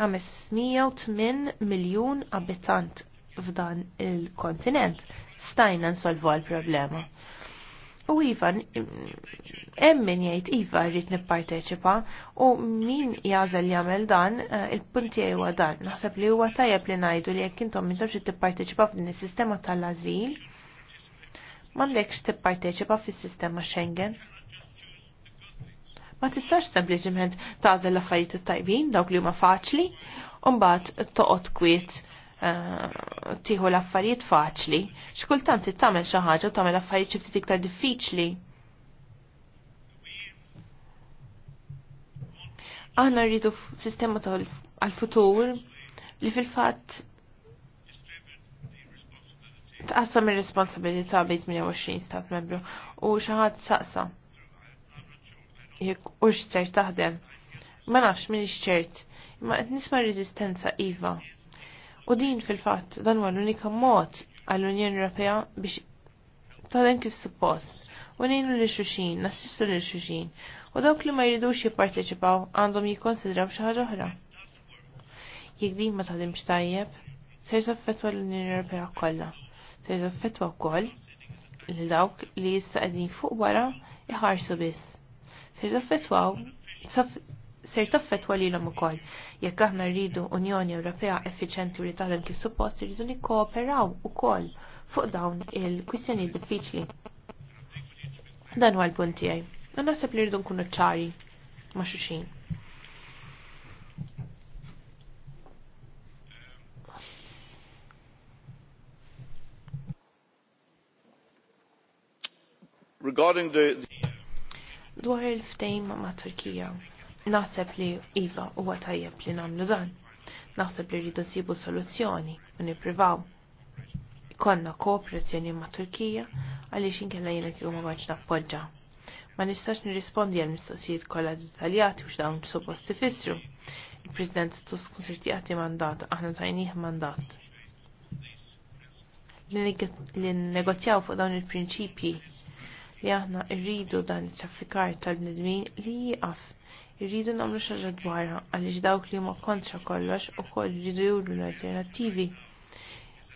508 miljun abitant f'dan il-kontinent stajna nsolvu għal-problema. U Iva, emmin jgħid Iva rrit nipparteċipa u min jażel jagħmel dan eh, il-punti huwa dan. Naħseb li huwa tajjeb li ngħidu li jekk intom m'intawx tipparteċipa f'din is-sistema tal-ażil, m'għandekx tipparteċipa fis-sistema Schengen. Ma tistax sempliċiment tażel l-affarijiet tajbin dawk li huma faċli u mbagħad toqgħod kwiet Eh, tieħu l-affarijiet faċli, x'kultant tagħmel xi ħaġa u tagħmel affarijiet xi ftit iktar diffiċli. Aħna rridu sistema tal-futur li fil-fatt tqassam ir responsabilita bejn 28 stat membru u xi ħadd saqsa jekk u x'ser taħdem. Ma nafx minix ċert, imma qed nisma' rezistenza iva. U din fil-fatt dan huwa unika mod għall-Unjoni Ewropea biex tagħlem kif suppost u nejnu lil xuxin, nassistu lil xuxin u dawk li ma jridux jipparteċipaw għandhom jikkonsidraw xaħġa oħra. Jekk din ma taħdimx tajjeb, se jisaffettwa l-Unjoni Ewropea kollha. Se jisaffettwa wkoll li dawk li jista' qegħdin fuq wara iħarsu biss. Se jisaffettwaw ser taffetwa lilhom ukoll. Jekk aħna rridu Unjoni Ewropea effiċenti u li tagħlem kif suppost irridu nikkooperaw ukoll fuq dawn il-kwistjoni diffiċli. Dan huwa l-punt tiegħi. Naħseb li rridu nkunu ċari ma' xuxin. Regarding the dwar il-ftejn ma' Turkija. Naħseb li Iva huwa tajjeb li nagħmlu dan. Naħseb li rridu nsibu soluzzjoni u nipprivaw. konna kooperazzjoni ma' Turkija għaliex inkella jiena kieku ma maċ nappoġġa. Ma nistax nirrispondi għal mistoqsijiet kollha dettaljati u x'dawn suppost tifissru. Il-President Tusk konsertijati mandat, aħna tajnih mandat. Li negozjaw fuq dawn il-prinċipji li aħna rridu dan it-traffikar tal-bnedmin li jieqaf. Irridu nagħmlu xi ħaġa dwarha għaliex dawk li huma kontra kollox ukoll iridu juru l-alternattivi.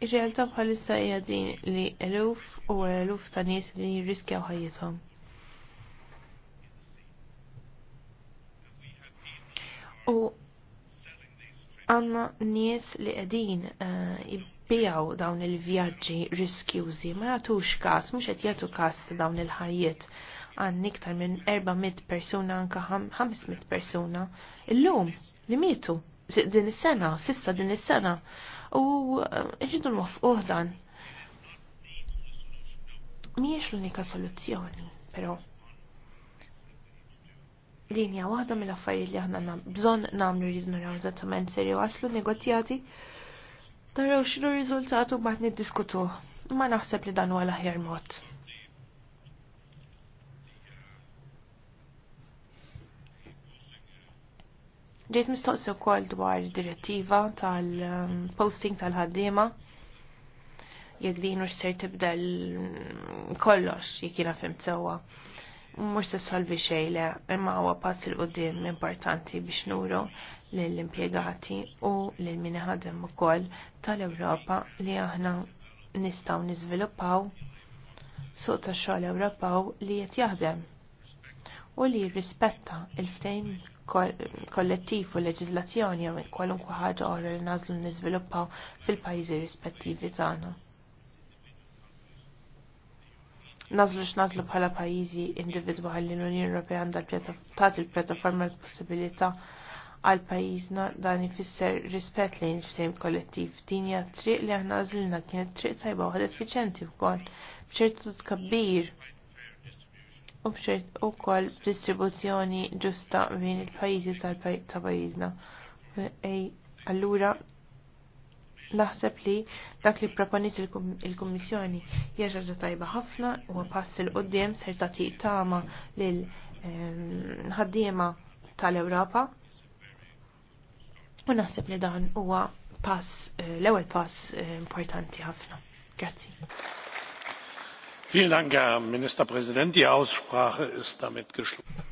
Ir-realtà bħalissa hija din li eluf u eluf ta' nies li jirriskjaw ħajjithom. U għanna nies li qegħdin uh, bijaw dawn il-vjaġġi riskjużi ma jagħtux każ mhux qed jatu każ ta' dawn il-ħajjiet għan iktar minn 400 persuna anka 500 persuna illum li mietu din is-sena, sissa din is-sena u ġidu eh, nwafquh dan. Mhijiex l-unika soluzzjoni, però din hija waħda mill-affarijiet li aħna bżonn nagħmlu riżnu eżattament serju waslu negozjati Taraw xinu rizultatu bat niddiskutu. Ma naħseb li dan huwa l-aħjar mod. Ġejt mistoqsi wkoll dwar direttiva tal-posting tal-ħaddiema jekk din mhux ser tibdel kollox jekk jina fimt sewwa. Mhux se solvi xejle. imma huwa pass il qudiem importanti biex nuru l impjegati u lil min ħadem ukoll tal-Ewropa li aħna nistgħu niżviluppaw suq ta' xogħol Ewropew li qed jaħdem u li jirrispetta il-ftehim kollettiv u leġiżlazzjoni jew kwalunkwe ħaġa oħra li nażlu niżviluppaw fil-pajjiżi rispettivi tagħna. Nażlu x'nażlu bħala pajjiżi individwali l-Unjoni Ewropea għandha tagħti il-pjattaforma l-possibilità għal pajjiżna dan ifisser rispett lejn il kollettiv. Din hija triq li aħna għażilna kienet triq tajba u effiċenti wkoll b'ċertu tkabbir u b'ċert ukoll distribuzzjoni ġusta bejn il-pajjiżi ta' pajjiżna. Ej, allura naħseb li dak li proponiet il-Kummissjoni hija ġaġa tajba ħafna u pass il qudiem ser tagħti tama lil ħaddiema tal-Ewropa U naħseb li dan huwa pass, eh, l-ewwel pass eh, importanti ħafna. Grazzi. Vielen Dank, Herr Ministerpräsident. Die Aussprache ist damit geschlossen.